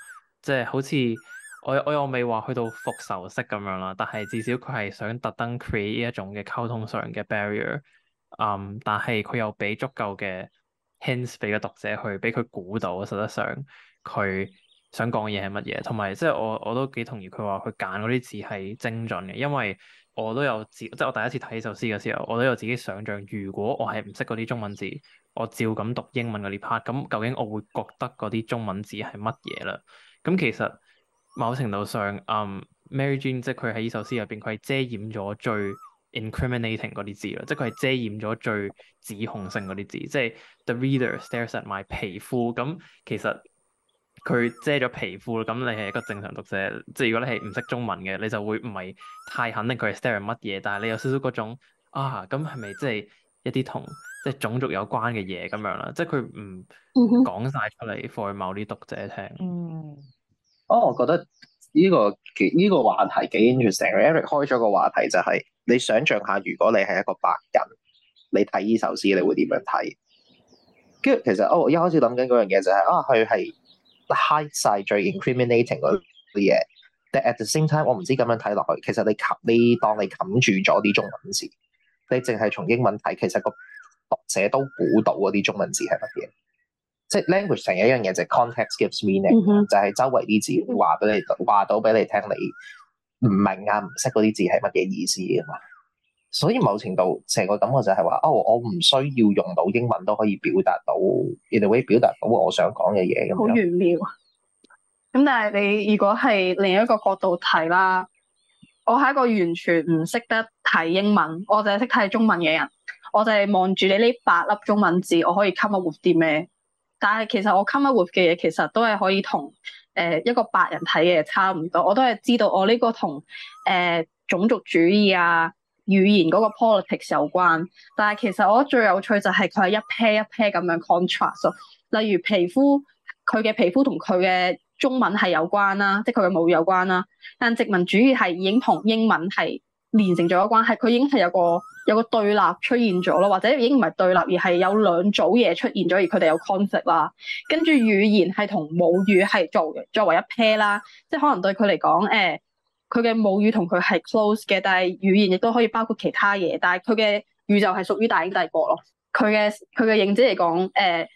即係好似。我我又未話去到復仇式咁樣啦，但係至少佢係想特登 create 呢一種嘅溝通上嘅 barrier。嗯，但係佢又俾足夠嘅 hints 俾個讀者去俾佢估到，實質上佢想講嘅嘢係乜嘢。同埋即係我我都幾同意佢話佢揀嗰啲字係精準嘅，因為我都有自即係我第一次睇呢首詩嘅時候，我都有自己想象，如果我係唔識嗰啲中文字，我照咁讀英文嗰啲 part，咁究竟我會覺得嗰啲中文字係乜嘢啦？咁其實。某程度上，um, Mary Jean 即係佢喺呢首詩入邊，佢係遮掩咗最 incriminating 嗰啲字咯，即係佢係遮掩咗最指控性嗰啲字，即係 The reader stares at my 皮膚，咁其實佢遮咗皮膚咯，咁你係一個正常讀者，即係如果你係唔識中文嘅，你就會唔係太肯定佢係 stare 乜嘢，但係你有少少嗰種啊，咁係咪即係一啲同即係種族有關嘅嘢咁樣啦？即係佢唔講晒出嚟，放去某啲讀者聽。Mm hmm. 嗯哦，oh, 我覺得呢、這個幾呢、這個話題幾 interesting。Eric 開咗個話題就係、是，你想象下如果你係一個白人，你睇呢首詩你會點樣睇？跟住其實哦，oh, 一開始諗緊嗰樣嘢就係、是、啊，佢係 hide 晒最 incriminating 嗰啲嘢。但係 at the same time，我唔知咁樣睇落去，其實你及你當你冚住咗啲中文字，你淨係從英文睇，其實個讀者都估到嗰啲中文字係乜嘢。即係 language 成一樣嘢，就係 context gives meaning，mm hmm. 就係周圍啲字會話俾你話到俾你聽，你唔明啊，唔識嗰啲字係乜嘢意思啊嘛。所以某程度成個感覺就係話哦，我唔需要用到英文都可以表達到，你哋可以表達到我想講嘅嘢。好玄妙。咁但係你如果係另一個角度睇啦，我係一個完全唔識得睇英文，我就係識睇中文嘅人，我就係望住你呢八粒中文字，我可以 come up with 啲咩？但係其實我 come up with 嘅嘢其實都係可以同誒一個白人睇嘅嘢差唔多，我都係知道我呢個同誒、呃、種族主義啊，語言嗰個 politics 有關。但係其實我覺得最有趣就係佢係一 pair 一 pair 咁樣 contrast，例如皮膚，佢嘅皮膚同佢嘅中文係有關啦，即係佢嘅母語有關啦。但殖民主義係已經同英文係。連成咗關係，佢已經係有個有個對立出現咗咯，或者已經唔係對立，而係有兩組嘢出現咗，而佢哋有 concept 啦。跟住語言係同母語係做作為一 pair 啦，即係可能對佢嚟講，誒佢嘅母語同佢係 close 嘅，但係語言亦都可以包括其他嘢。但係佢嘅宇宙係屬於大英帝國咯。佢嘅佢嘅認知嚟講，誒、呃。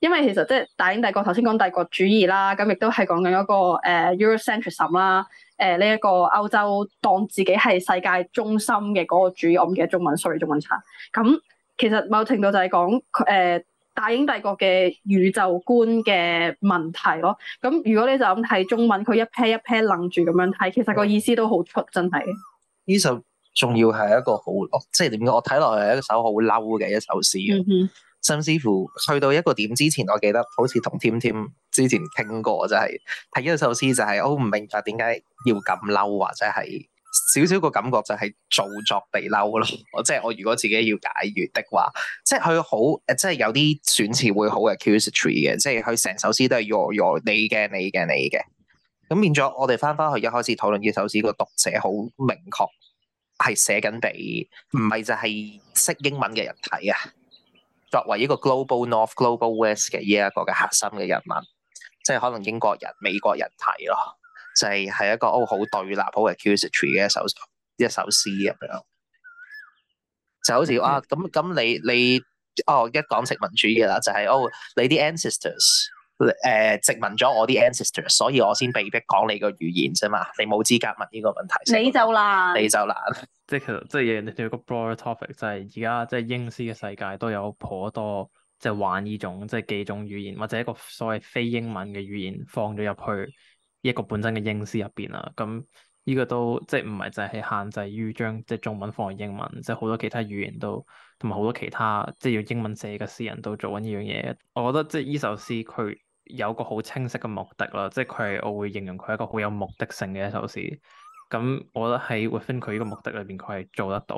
因為其實即係大英帝國頭先講帝國主義啦，咁亦都係講緊一個誒 Eurocentrism 啦，誒呢一個歐洲當自己係世界中心嘅嗰個主義，我唔記得中文，sorry 中文差。咁、嗯、其實某程度就係講誒大英帝國嘅宇宙觀嘅問題咯。咁、嗯、如果你就咁睇中文，佢一 page 一 page 楞住咁樣睇，其實個意思都好出，真係。呢、嗯、首仲要係一個好、哦，即係點解我睇落係一首好嬲嘅一首詩。嗯甚至乎去到一個點之前，我記得好似同添添之前傾過，就係睇呢首詩就係，我唔明白點解要咁嬲，或者係少少個感覺就係做作地嬲咯。 <laughs> 即係我如果自己要解讀的話，即係佢好，即係有啲選詞會好 accusatory 嘅，即係佢成首詩都係弱弱你嘅，你嘅，你嘅。咁變咗我哋翻返去一開始討論呢首詩個讀者好明確係寫緊俾唔係就係識英文嘅人睇啊。作為一個 global north、global west 嘅依一個嘅核心嘅人物，即係可能英國人、美國人睇咯，就係、是、係一個，哦，好對立好嘅 accusatory 嘅一首一首詩咁樣，就好似啊，咁咁你你哦一講殖民主義啦，就係、是、哦你啲 ancestors。誒殖民咗我啲 ancestors，所以我先被逼講你個語言啫嘛。你冇資格問呢個問題。你就難，你就難。即係其實，即係人哋對個 broader topic 就係而家即係英詩嘅世界都有頗多即係玩呢種即係幾種語言，或者一個所謂非英文嘅語言放咗入去一個本身嘅英詩入邊啊。咁呢個都即係唔係就係限制於將即係中文放喺英文，即係好多其他語言都同埋好多其他即係用英文寫嘅詩人都做緊呢樣嘢。我覺得即係呢首詩佢。有個好清晰嘅目的啦，即係佢係我會形容佢一個好有目的性嘅一首詩。咁我覺得喺 within 佢呢個目的裏邊，佢係做得到。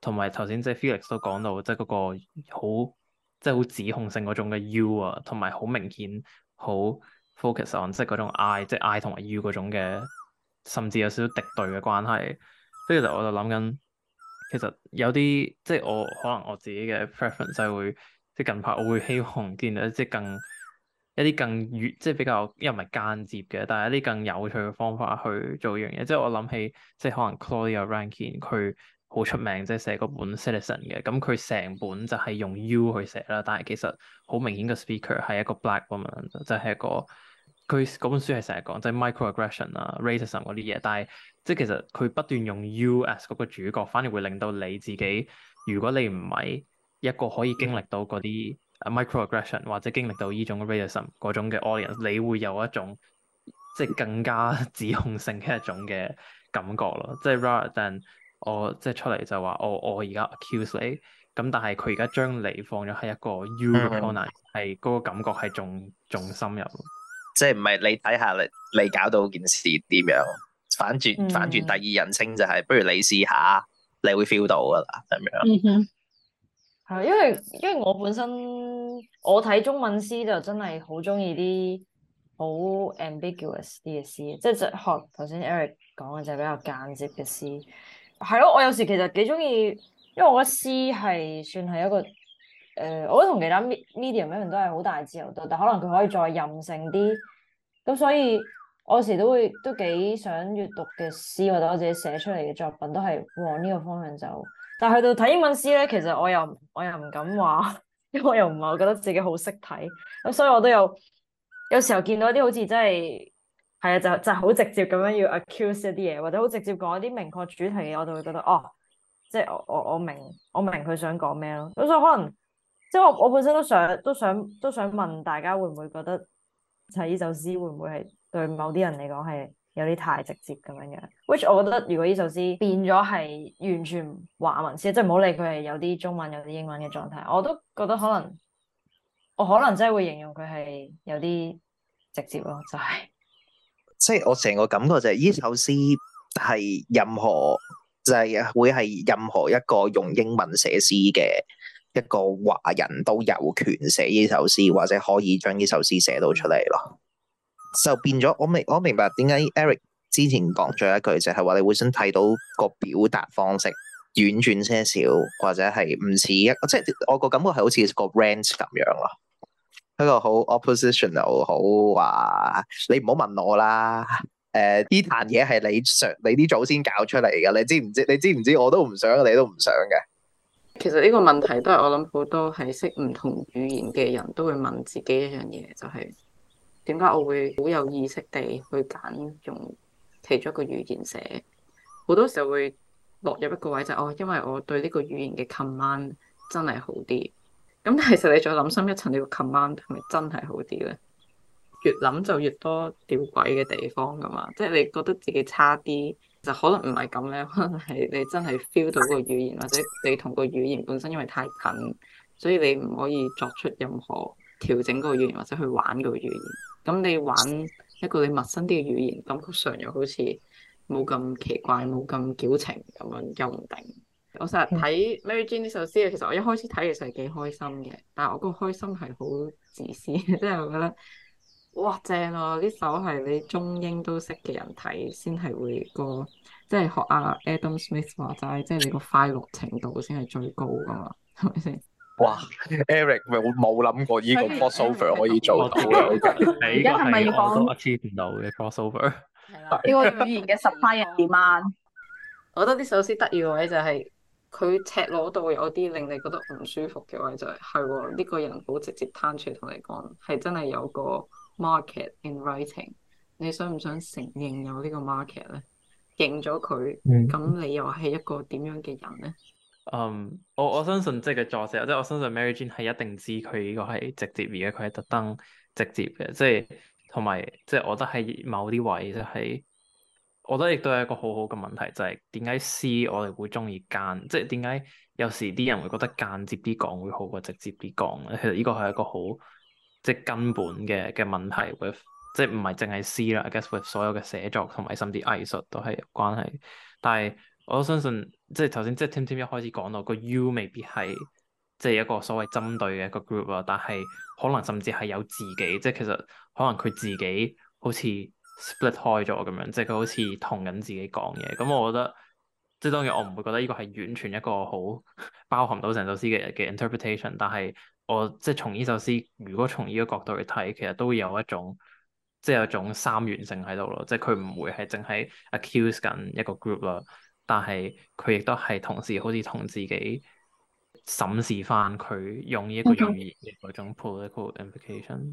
同埋頭先即係 Felix 都講到，即係嗰個好即係好指控性嗰種嘅 U 啊，同埋好明顯好 focus on 即係嗰種 I，即係 I 同埋 U 嗰種嘅，甚至有少少敵對嘅關係。跟住就我就諗緊，其實有啲即係我可能我自己嘅 preference 就係會即係近排我會希望見到即係更。一啲更遠，即係比較又唔係間接嘅，但係一啲更有趣嘅方法去做樣嘢。即係我諗起，即係可能 Claudia Rankine 佢好出名，即係寫嗰本《Citizen》嘅。咁佢成本就係用 U 去寫啦。但係其實好明顯個 speaker 係一個 black woman，就係一個佢嗰本書係成日講即係 microaggression 啊、racism 嗰啲嘢。但係即係其實佢不斷用 U as 嗰個主角，反而會令到你自己，如果你唔係一個可以經歷到嗰啲。microaggression 或者經歷到呢種 racism 嗰種嘅 audience 你會有一種即係更加指控性嘅一種嘅感覺咯。即係 rather than 我即係出嚟就話我我而家 accuse 你，咁但係佢而家將你放咗喺一個 you corner 係嗰個感覺係仲仲深入。即係唔係你睇下你你搞到件事點樣反轉反轉第二人稱就係、是，mm hmm. 不如你試下，你會 feel 到噶啦咁樣。係，因為因為我本身我睇中文詩就真係好中意啲好 ambiguous 啲嘅詩，即係就學頭先 Eric 講嘅就係比較間接嘅詩。係咯、哦，我有時其實幾中意，因為我得詩係算係一個誒、呃，我同其他 medium 一 e 都係好大自由度，但可能佢可以再任性啲。咁所以我有時都會都幾想閱讀嘅詩或者我自己寫出嚟嘅作品都係往呢個方向走。但係去到睇英文詩咧，其實我又我又唔敢話，因為我又唔係覺得自己好識睇，咁所以我都有有時候見到啲好似真係係啊，就就好直接咁樣要 accuse 一啲嘢，或者好直接講一啲明確主題嘅，我就會覺得哦，即係我我我明我明佢想講咩咯，咁所以可能即係我我本身都想都想都想問大家會唔會覺得就係呢首詩會唔會係對某啲人嚟講係？有啲太直接咁樣樣，which 我覺得如果呢首詩變咗係完全華文詩，即係唔好理佢係有啲中文、有啲英文嘅狀態，我都覺得可能我可能真係會形容佢係有啲直接咯，就係、是、即係我成個感覺就係、是、呢首詩係任何就係、是、會係任何一個用英文寫詩嘅一個華人都有權寫呢首詩，或者可以將呢首詩寫到出嚟咯。就變咗，我明我明白點解 Eric 之前講咗一句，就係、是、話你會想睇到個表達方式婉轉些少，或者係唔似一，即係我個感覺係好似個 range 咁樣咯。一個好 oppositional 好話，你唔好問我啦。誒、呃，呢壇嘢係你上你啲祖先搞出嚟嘅，你知唔知？你知唔知我都唔想，你都唔想嘅。其實呢個問題都係我諗好多係識唔同語言嘅人都會問自己一樣嘢，就係、是。點解我會好有意識地去揀用其中一個語言寫？好多時候會落入一個位就係、哦，因為我對呢個語言嘅 command 真係好啲。咁其實你再諗深一層，你、呢個 command 係咪真係好啲咧？越諗就越多吊詭嘅地方㗎嘛！即係你覺得自己差啲，就可能唔係咁咧，可能係你真係 feel 到個語言，或者你同個語言本身因為太近，所以你唔可以作出任何調整個語言，或者去玩個語言。咁你玩一個你陌生啲嘅語言，感覺上又好似冇咁奇怪，冇咁矯情咁樣又唔定。我成日睇 Mary Jean 呢首詩，其實我一開始睇其實係幾開心嘅，但係我個開心係好自私，即 <laughs> 係我覺得，哇正咯、啊！呢首係你中英都識嘅人睇先係會個，即係學阿 Adam Smith 話齋，即係你個快樂程度先係最高㗎嘛，係咪先？哇，Eric 冇冇諗過呢個 crossover 可以做到？你而家係咪要講一次電腦嘅 crossover？係啦，呢 <laughs> 個語言嘅十派人點啊？我覺得呢首詩得意嘅位就係、是、佢赤裸到有啲令你覺得唔舒服嘅位就係係喎，呢個人好直接攤出嚟同你講，係真係有個 market in writing。你想唔想承認有呢個 market 咧？認咗佢，咁你又係一個點樣嘅人咧？嗯，um, 我我相信即係個作者，即係我相信 Mary Jean 係一定知佢呢個係直接而，而家佢係特登直接嘅。即係同埋，即係我覺得喺某啲位，就是，即係我覺得亦都係一個好好嘅問題，就係點解詩我哋會中意間，即係點解有時啲人會覺得間接啲講會好過直接啲講咧？其實呢個係一個好即係根本嘅嘅問題，with, 即係唔係淨係詩啦，I guess with 所有嘅寫作同埋甚至藝術都係有關係。但係我相信。即係頭先，即係 Tim Tim 一開始講到個 you 未必係即係一個所謂針對嘅一個 group 啊，但係可能甚至係有自己，即係其實可能佢自己好似 split 開咗咁樣，即係佢好似同緊自己講嘢。咁我覺得即係當然我唔會覺得呢個係完全一個好包含到成首詩嘅嘅 interpretation，但係我即係從呢首詩，如果從呢個角度去睇，其實都有一種即係有一種三元性喺度咯，即係佢唔會係淨係 accuse 緊一個 group 咯。但係佢亦都係同時好似同自己審視翻佢用呢一個語言嘅嗰種 political implication。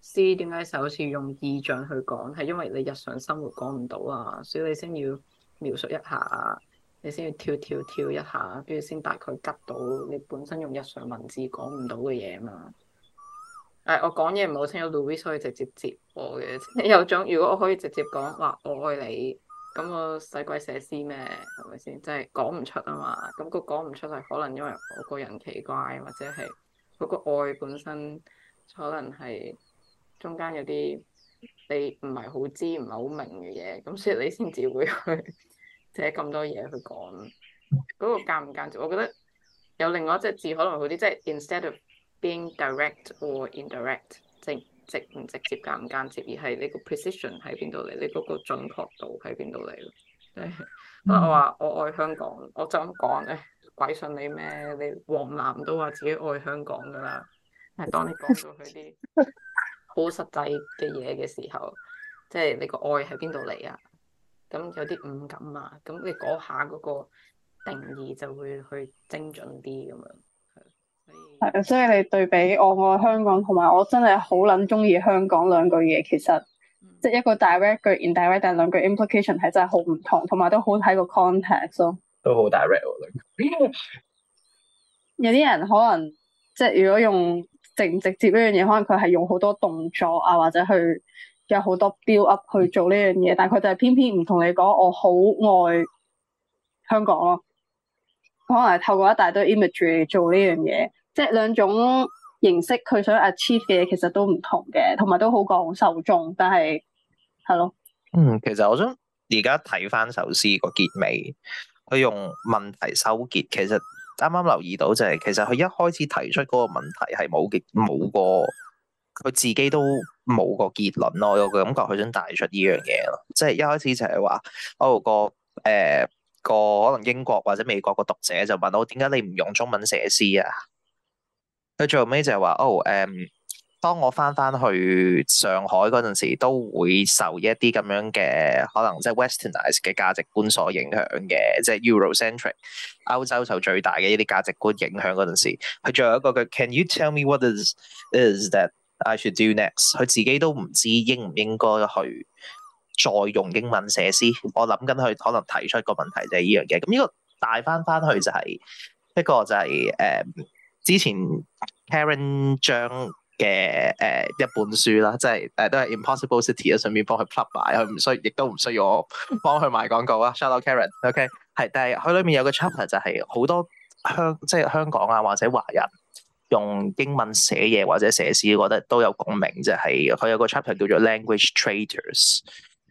C 點解首次用意象去講係因為你日常生活講唔到啊，所以你先要描述一下，你先要跳跳跳一下，跟住先大概急到你本身用日常文字講唔到嘅嘢嘛。誒、哎，我講嘢唔係好清楚，所以直接接我嘅。 <laughs> 有種如果我可以直接講話，我愛你。咁我使鬼寫詩咩？係咪先？即係講唔出啊嘛。咁個講唔出係可能因為我個人奇怪，或者係嗰個愛本身可能係中間有啲你唔係好知、唔係好明嘅嘢。咁所以你先至會去 <laughs> 寫咁多嘢去講。嗰個間唔間接，我覺得有另外一隻字可能好啲，即係 instead of being direct or indirect，即。直唔直接間唔間接，而係你個 precision 喺邊度嚟？你嗰個準確度喺邊度嚟？ <laughs> 我話我愛香港，我就咁講咧。鬼信你咩？你黃藍都話自己愛香港㗎啦。但係 <laughs> 當你講到佢啲好實際嘅嘢嘅時候，即係你個愛喺邊度嚟啊？咁有啲五感啊，咁你講下嗰個定義就會去精準啲咁樣。係，所以你對比我愛香港同埋我真係好撚中意香港兩句嘢，其實即係、嗯、一個 direct 句，and direct 但係兩句 implication 係真係好唔同，同埋都好睇個 context 咯。都好 direct 有啲人可能即係如果用直唔直接呢樣嘢，可能佢係用好多動作啊，或者去有好多 build up 去做呢樣嘢，但係佢就偏偏唔同你講我好愛香港咯、啊，可能係透過一大堆 imagery 嚟做呢樣嘢。即係兩種形式，佢想 achieve 嘅其實都唔同嘅，同埋都好講受眾，但係係咯。嗯，其實我想而家睇翻首詩個結尾，佢用問題收結。其實啱啱留意到就係、是，其實佢一開始提出嗰個問題係冇冇個佢自己都冇個結論咯。有個感覺佢想帶出呢樣嘢咯，即係一開始就係話，哦，個誒、呃、個可能英國或者美國個讀者就問我點解你唔用中文寫詩啊？佢最尾就話、是、哦，誒、oh, um,，當我翻翻去上海嗰陣時，都會受一啲咁樣嘅可能，即係 Westernize 嘅價值觀所影響嘅，即、就、係、是、Eurocentric，歐洲受最大嘅一啲價值觀影響嗰陣時，佢最後一個句 Can you tell me what is, is that I should do next？佢自己都唔知應唔應該去再用英文寫詩。我諗緊佢可能提出一個問題就係呢樣嘢，咁呢個帶翻翻去就係、是、一個就係、是、誒。Um, 之前 Karen 張嘅誒、呃、一本書啦，即係誒、呃、都係 Impossible City 啊，順便幫佢 plug 埋，佢唔需亦都唔需要我幫佢賣廣告啊。 <laughs> Shoutout Karen，OK、okay？係，但係佢裏面有個 chapter 就係好多香即係香港啊或者華人用英文寫嘢或者寫詩，我覺得都有共鳴，就係、是、佢有個 chapter 叫做 Language Traders。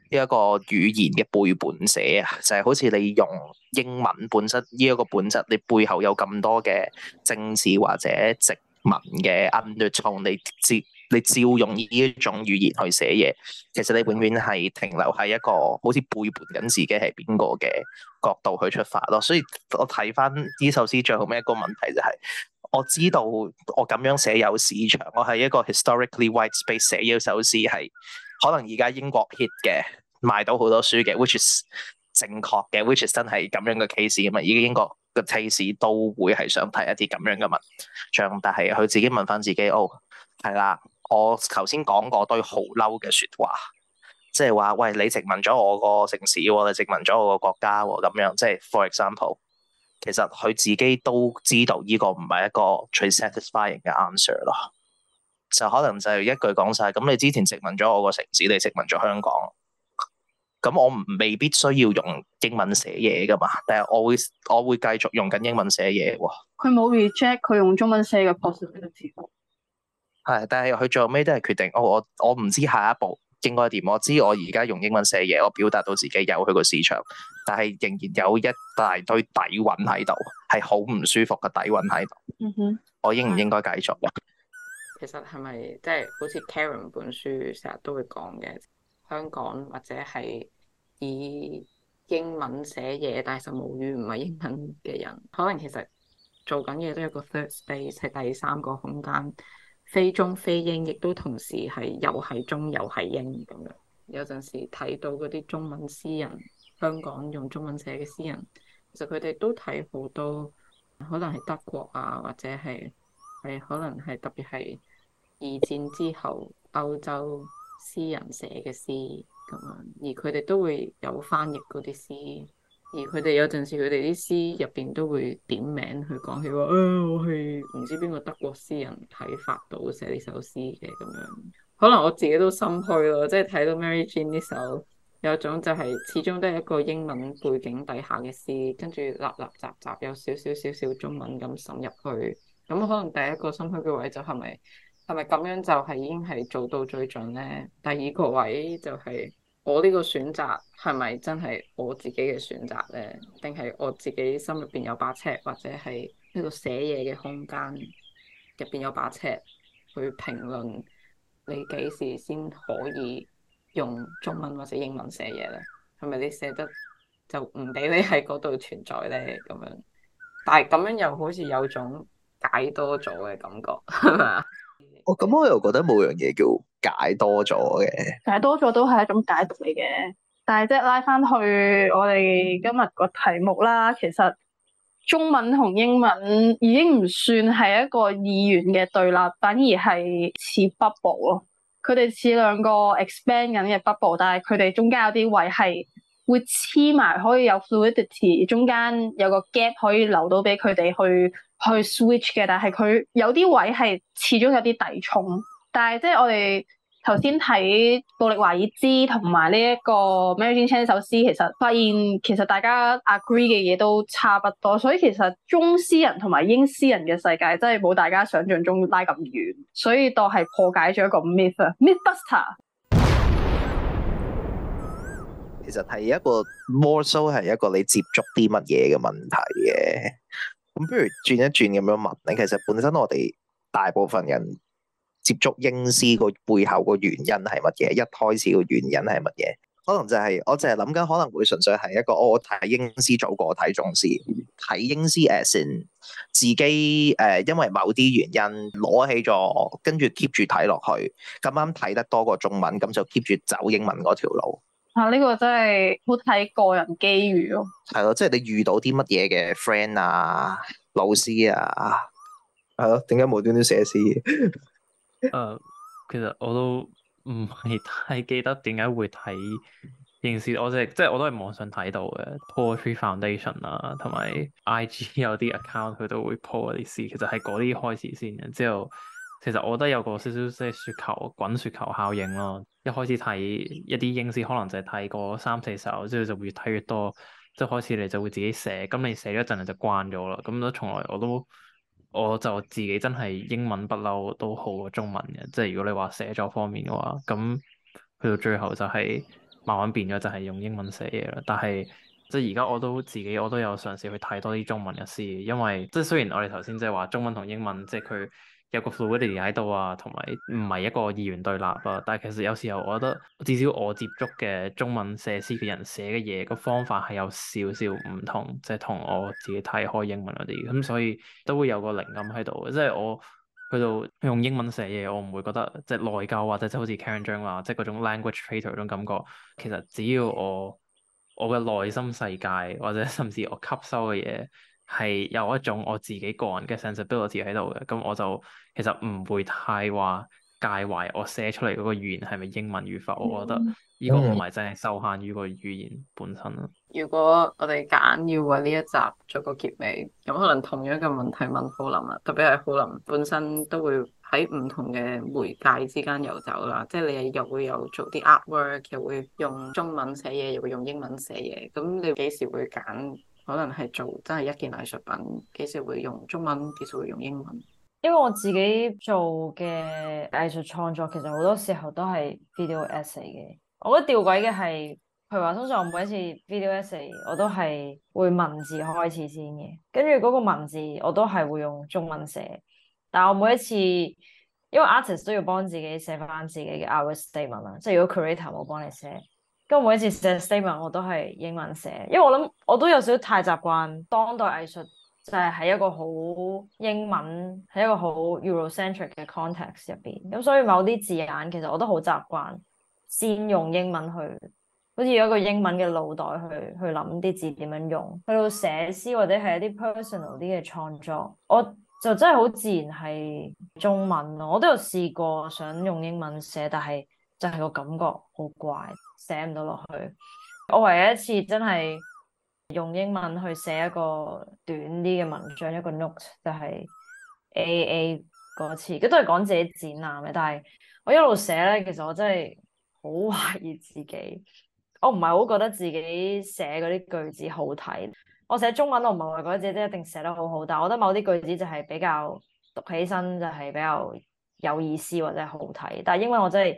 呢一個語言嘅背叛者啊，就係、是、好似你用英文本身呢一個本質，你背後有咁多嘅政治或者殖民嘅暗虐重，你照你照用呢一種語言去寫嘢，其實你永遠係停留喺一個好似背叛緊自己係邊個嘅角度去出發咯。所以我睇返呢首詩最後尾一個問題就係、是，我知道我咁樣寫有市場，我係一個 historically white space 寫呢首詩係。可能而家英國 hit 嘅賣到好多書嘅，which is 正確嘅，which is 真係咁樣嘅 case 咁啊！而家英國嘅 case 都會係想提一啲咁樣嘅文像，但係佢自己問翻自己，哦，係啦，我頭先講過嗰堆好嬲嘅説話，即係話喂，你殖民咗我個城市，你殖民咗我個國家咁樣，即係 for example，其實佢自己都知道呢個唔係一個最 satisfying 嘅 answer 咯。就可能就一句講晒，咁你之前殖民咗我個城市，你殖民咗香港，咁我未必需要用英文寫嘢噶嘛，但係我會我會繼續用緊英文寫嘢喎。佢冇 reject，佢用中文寫嘅 possibility 係，但係佢最後尾都係決定，哦，我我唔知下一步應該點，我知我而家用英文寫嘢，我表達到自己有佢個市場，但係仍然有一大堆底蘊喺度，係好唔舒服嘅底蘊喺度。嗯哼、mm，hmm. 我應唔應該繼續？其實係咪即係好似 Karen 本書成日都會講嘅，香港或者係以英文寫嘢，但係就母語唔係英文嘅人，可能其實做緊嘢都有一個 third space，係第三個空間，非中非英，亦都同時係又係中又係英咁樣。有陣時睇到嗰啲中文詩人，香港用中文寫嘅詩人，其實佢哋都睇好多，可能係德國啊，或者係。可能係特別係二戰之後歐洲詩人寫嘅詩咁樣，而佢哋都會有翻譯嗰啲詩，而佢哋有陣時佢哋啲詩入邊都會點名去講起話，誒、哎、我係唔知邊個德國詩人喺法度寫呢首詩嘅咁樣。可能我自己都心虛咯，即係睇到 Mary Jean 呢首，有種就係、是、始終都係一個英文背景底下嘅詩，跟住立立雜雜有少少少少中文咁滲入去。咁可能第一個心虛嘅位就係咪係咪咁樣就係已經係做到最盡咧？第二個位就係我呢個選擇係咪真係我自己嘅選擇咧？定係我自己心入邊有把尺，或者係呢個寫嘢嘅空間入邊有把尺去評論你幾時先可以用中文或者英文寫嘢咧？係咪你寫得就唔俾你喺嗰度存在咧？咁樣，但係咁樣又好似有種。解多咗嘅感覺係嘛？哦，咁我又覺得冇樣嘢叫解多咗嘅。解多咗都係一種解讀嚟嘅。但係即係拉翻去我哋今日個題目啦，其實中文同英文已經唔算係一個二元嘅對立，反而係似 bubble 咯。佢哋似兩個 expand 緊嘅 bubble，但係佢哋中間有啲位係會黐埋，可以有 fluidity，中間有個 gap 可以留到俾佢哋去。去 switch 嘅，但係佢有啲位係始終有啲底重。但係即係我哋頭先睇暴力華爾滋同埋呢一個 Mary Jean Chan 呢首詩，其實發現其實大家 agree 嘅嘢都差不多，所以其實中詩人同埋英詩人嘅世界真係冇大家想象中拉咁遠，所以當係破解咗一個 my myth 啊，Mythbuster。其實係一個 more so 係一個你接觸啲乜嘢嘅問題嘅。咁不如轉一轉咁樣問你，其實本身我哋大部分人接觸英詩個背後個原因係乜嘢？一開始個原因係乜嘢？可能就係、是、我淨係諗緊，可能會純粹係一個、哦、我睇英詩早過睇中詩，睇英詩誒先自己誒、呃，因為某啲原因攞起咗，跟住 keep 住睇落去咁啱睇得多過中文，咁就 keep 住走英文嗰條路。啊！呢、這個真係好睇個人機遇咯、哦。係咯、嗯，即係你遇到啲乜嘢嘅 friend 啊、老師啊，係、啊、咯。點解無端端寫詩？誒、呃，其實我都唔係太記得點解會睇詩。我即係即係我都係網上睇到嘅 Poetry Foundation 啊，同埋 IG 有啲 account 佢都會 po 嗰啲詩。其實係嗰啲開始先嘅，之後。其實我覺得有個少少即係雪球滾雪球效應咯。一開始睇一啲英詩，可能就係睇過三四首，之後就會越睇越多，即係開始你就會自己寫。咁你寫咗陣，你就慣咗啦。咁都從來我都我就自己真係英文不嬲都好過中文嘅。即係如果你話寫作方面嘅話，咁去到最後就係慢慢變咗就係用英文寫嘢啦。但係即係而家我都自己我都有嘗試去睇多啲中文嘅詩，因為即係雖然我哋頭先即係話中文同英文即係佢。有個 fluidity 喺度啊，同埋唔係一個二元對立啊。但係其實有時候，我覺得至少我接觸嘅中文寫詩嘅人寫嘅嘢嘅方法係有少少唔同，即係同我自己睇開英文嗰啲。咁所以都會有個靈感喺度。即係我去到用英文寫嘢，我唔會覺得即係內疚，或者即係好似 Karen Zhang 話，即係嗰種 language traitor 嗰種感覺。其實只要我我嘅內心世界，或者甚至我吸收嘅嘢，係有一種我自己個人嘅 sensibility 喺度嘅，咁我就其實唔會太話介懷我寫出嚟嗰個語言係咪英文與否。我覺得呢個唔係真係受限於個語言本身咯。嗯嗯、如果我哋硬要為呢一集做個結尾，咁可能同樣嘅問題問 Hou Lam 啊，特別係 Hou Lam 本身都會喺唔同嘅媒介之間游走啦，即係你又會有做啲 artwork，又會用中文寫嘢，又會用英文寫嘢，咁你幾時會揀？可能係做真係一件藝術品，幾時會用中文，幾時會用英文？因為我自己做嘅藝術創作，其實好多時候都係 video essay 嘅。我覺得吊詭嘅係，譬如話，通常我每一次 video essay 我都係會文字開始先嘅，跟住嗰個文字我都係會用中文寫。但係我每一次，因為 artist 都要幫自己寫返自己嘅 out statement 啦，即係如果 creator 冇幫你寫。跟住每一次寫 statement，我都係英文寫，因為我諗我都有少少太習慣當代藝術就係喺一個好英文，喺一個好 Eurocentric 嘅 context 入邊。咁所以某啲字眼其實我都好習慣先用英文去，好似有一個英文嘅腦袋去去諗啲字點樣用。去到寫詩或者係一啲 personal 啲嘅創作，我就真係好自然係中文咯。我都有試過想用英文寫，但係就係個感覺好怪，寫唔到落去。我唯一一次真係用英文去寫一個短啲嘅文章，一個 note 就係 A A 嗰次，佢都係講自己展覽嘅。但係我一路寫咧，其實我真係好懷疑自己。我唔係好覺得自己寫嗰啲句子好睇。我寫中文，我唔係話覺得自己一定寫得好好，但係我覺得某啲句子就係比較讀起身就係比較有意思或者好睇。但係英文我真係。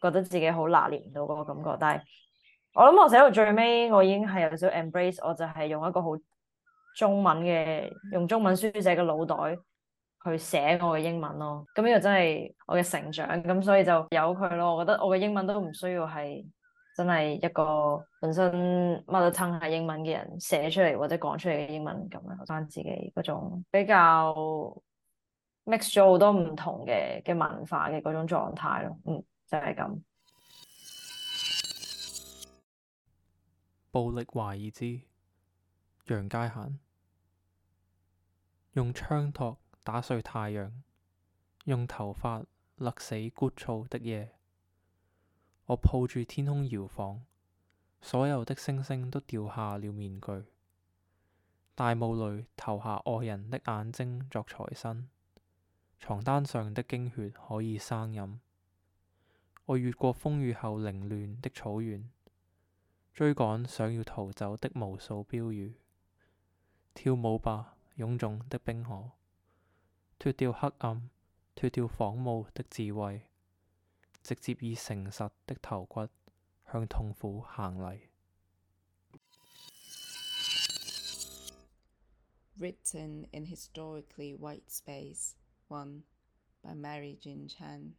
覺得自己好拿捏唔到嗰個感覺，但係我諗我寫到最尾，我已經係有少少 embrace，我就係用一個好中文嘅，用中文書寫嘅腦袋去寫我嘅英文咯。咁呢個真係我嘅成長，咁所以就由佢咯。我覺得我嘅英文都唔需要係真係一個本身乜都撐下英文嘅人寫出嚟或者講出嚟嘅英文咁樣，翻自己嗰種比較 mix 咗好多唔同嘅嘅文化嘅嗰種狀態咯，嗯。就係咁。暴力華爾滋，楊佳嫻，用槍托打碎太陽，用頭髮勒死枯燥的夜。我抱住天空搖晃，所有的星星都掉下了面具。大霧裏投下惡人的眼睛作財身，床單上的經血可以生飲。我越過風雨後凌亂的草原，追趕想要逃走的無數標語。跳舞吧，臃腫的冰河，脱掉黑暗，脱掉仿冒的智慧，直接以誠實的頭骨向痛苦行禮。Written in historically white space, one by Mary Jean Chan.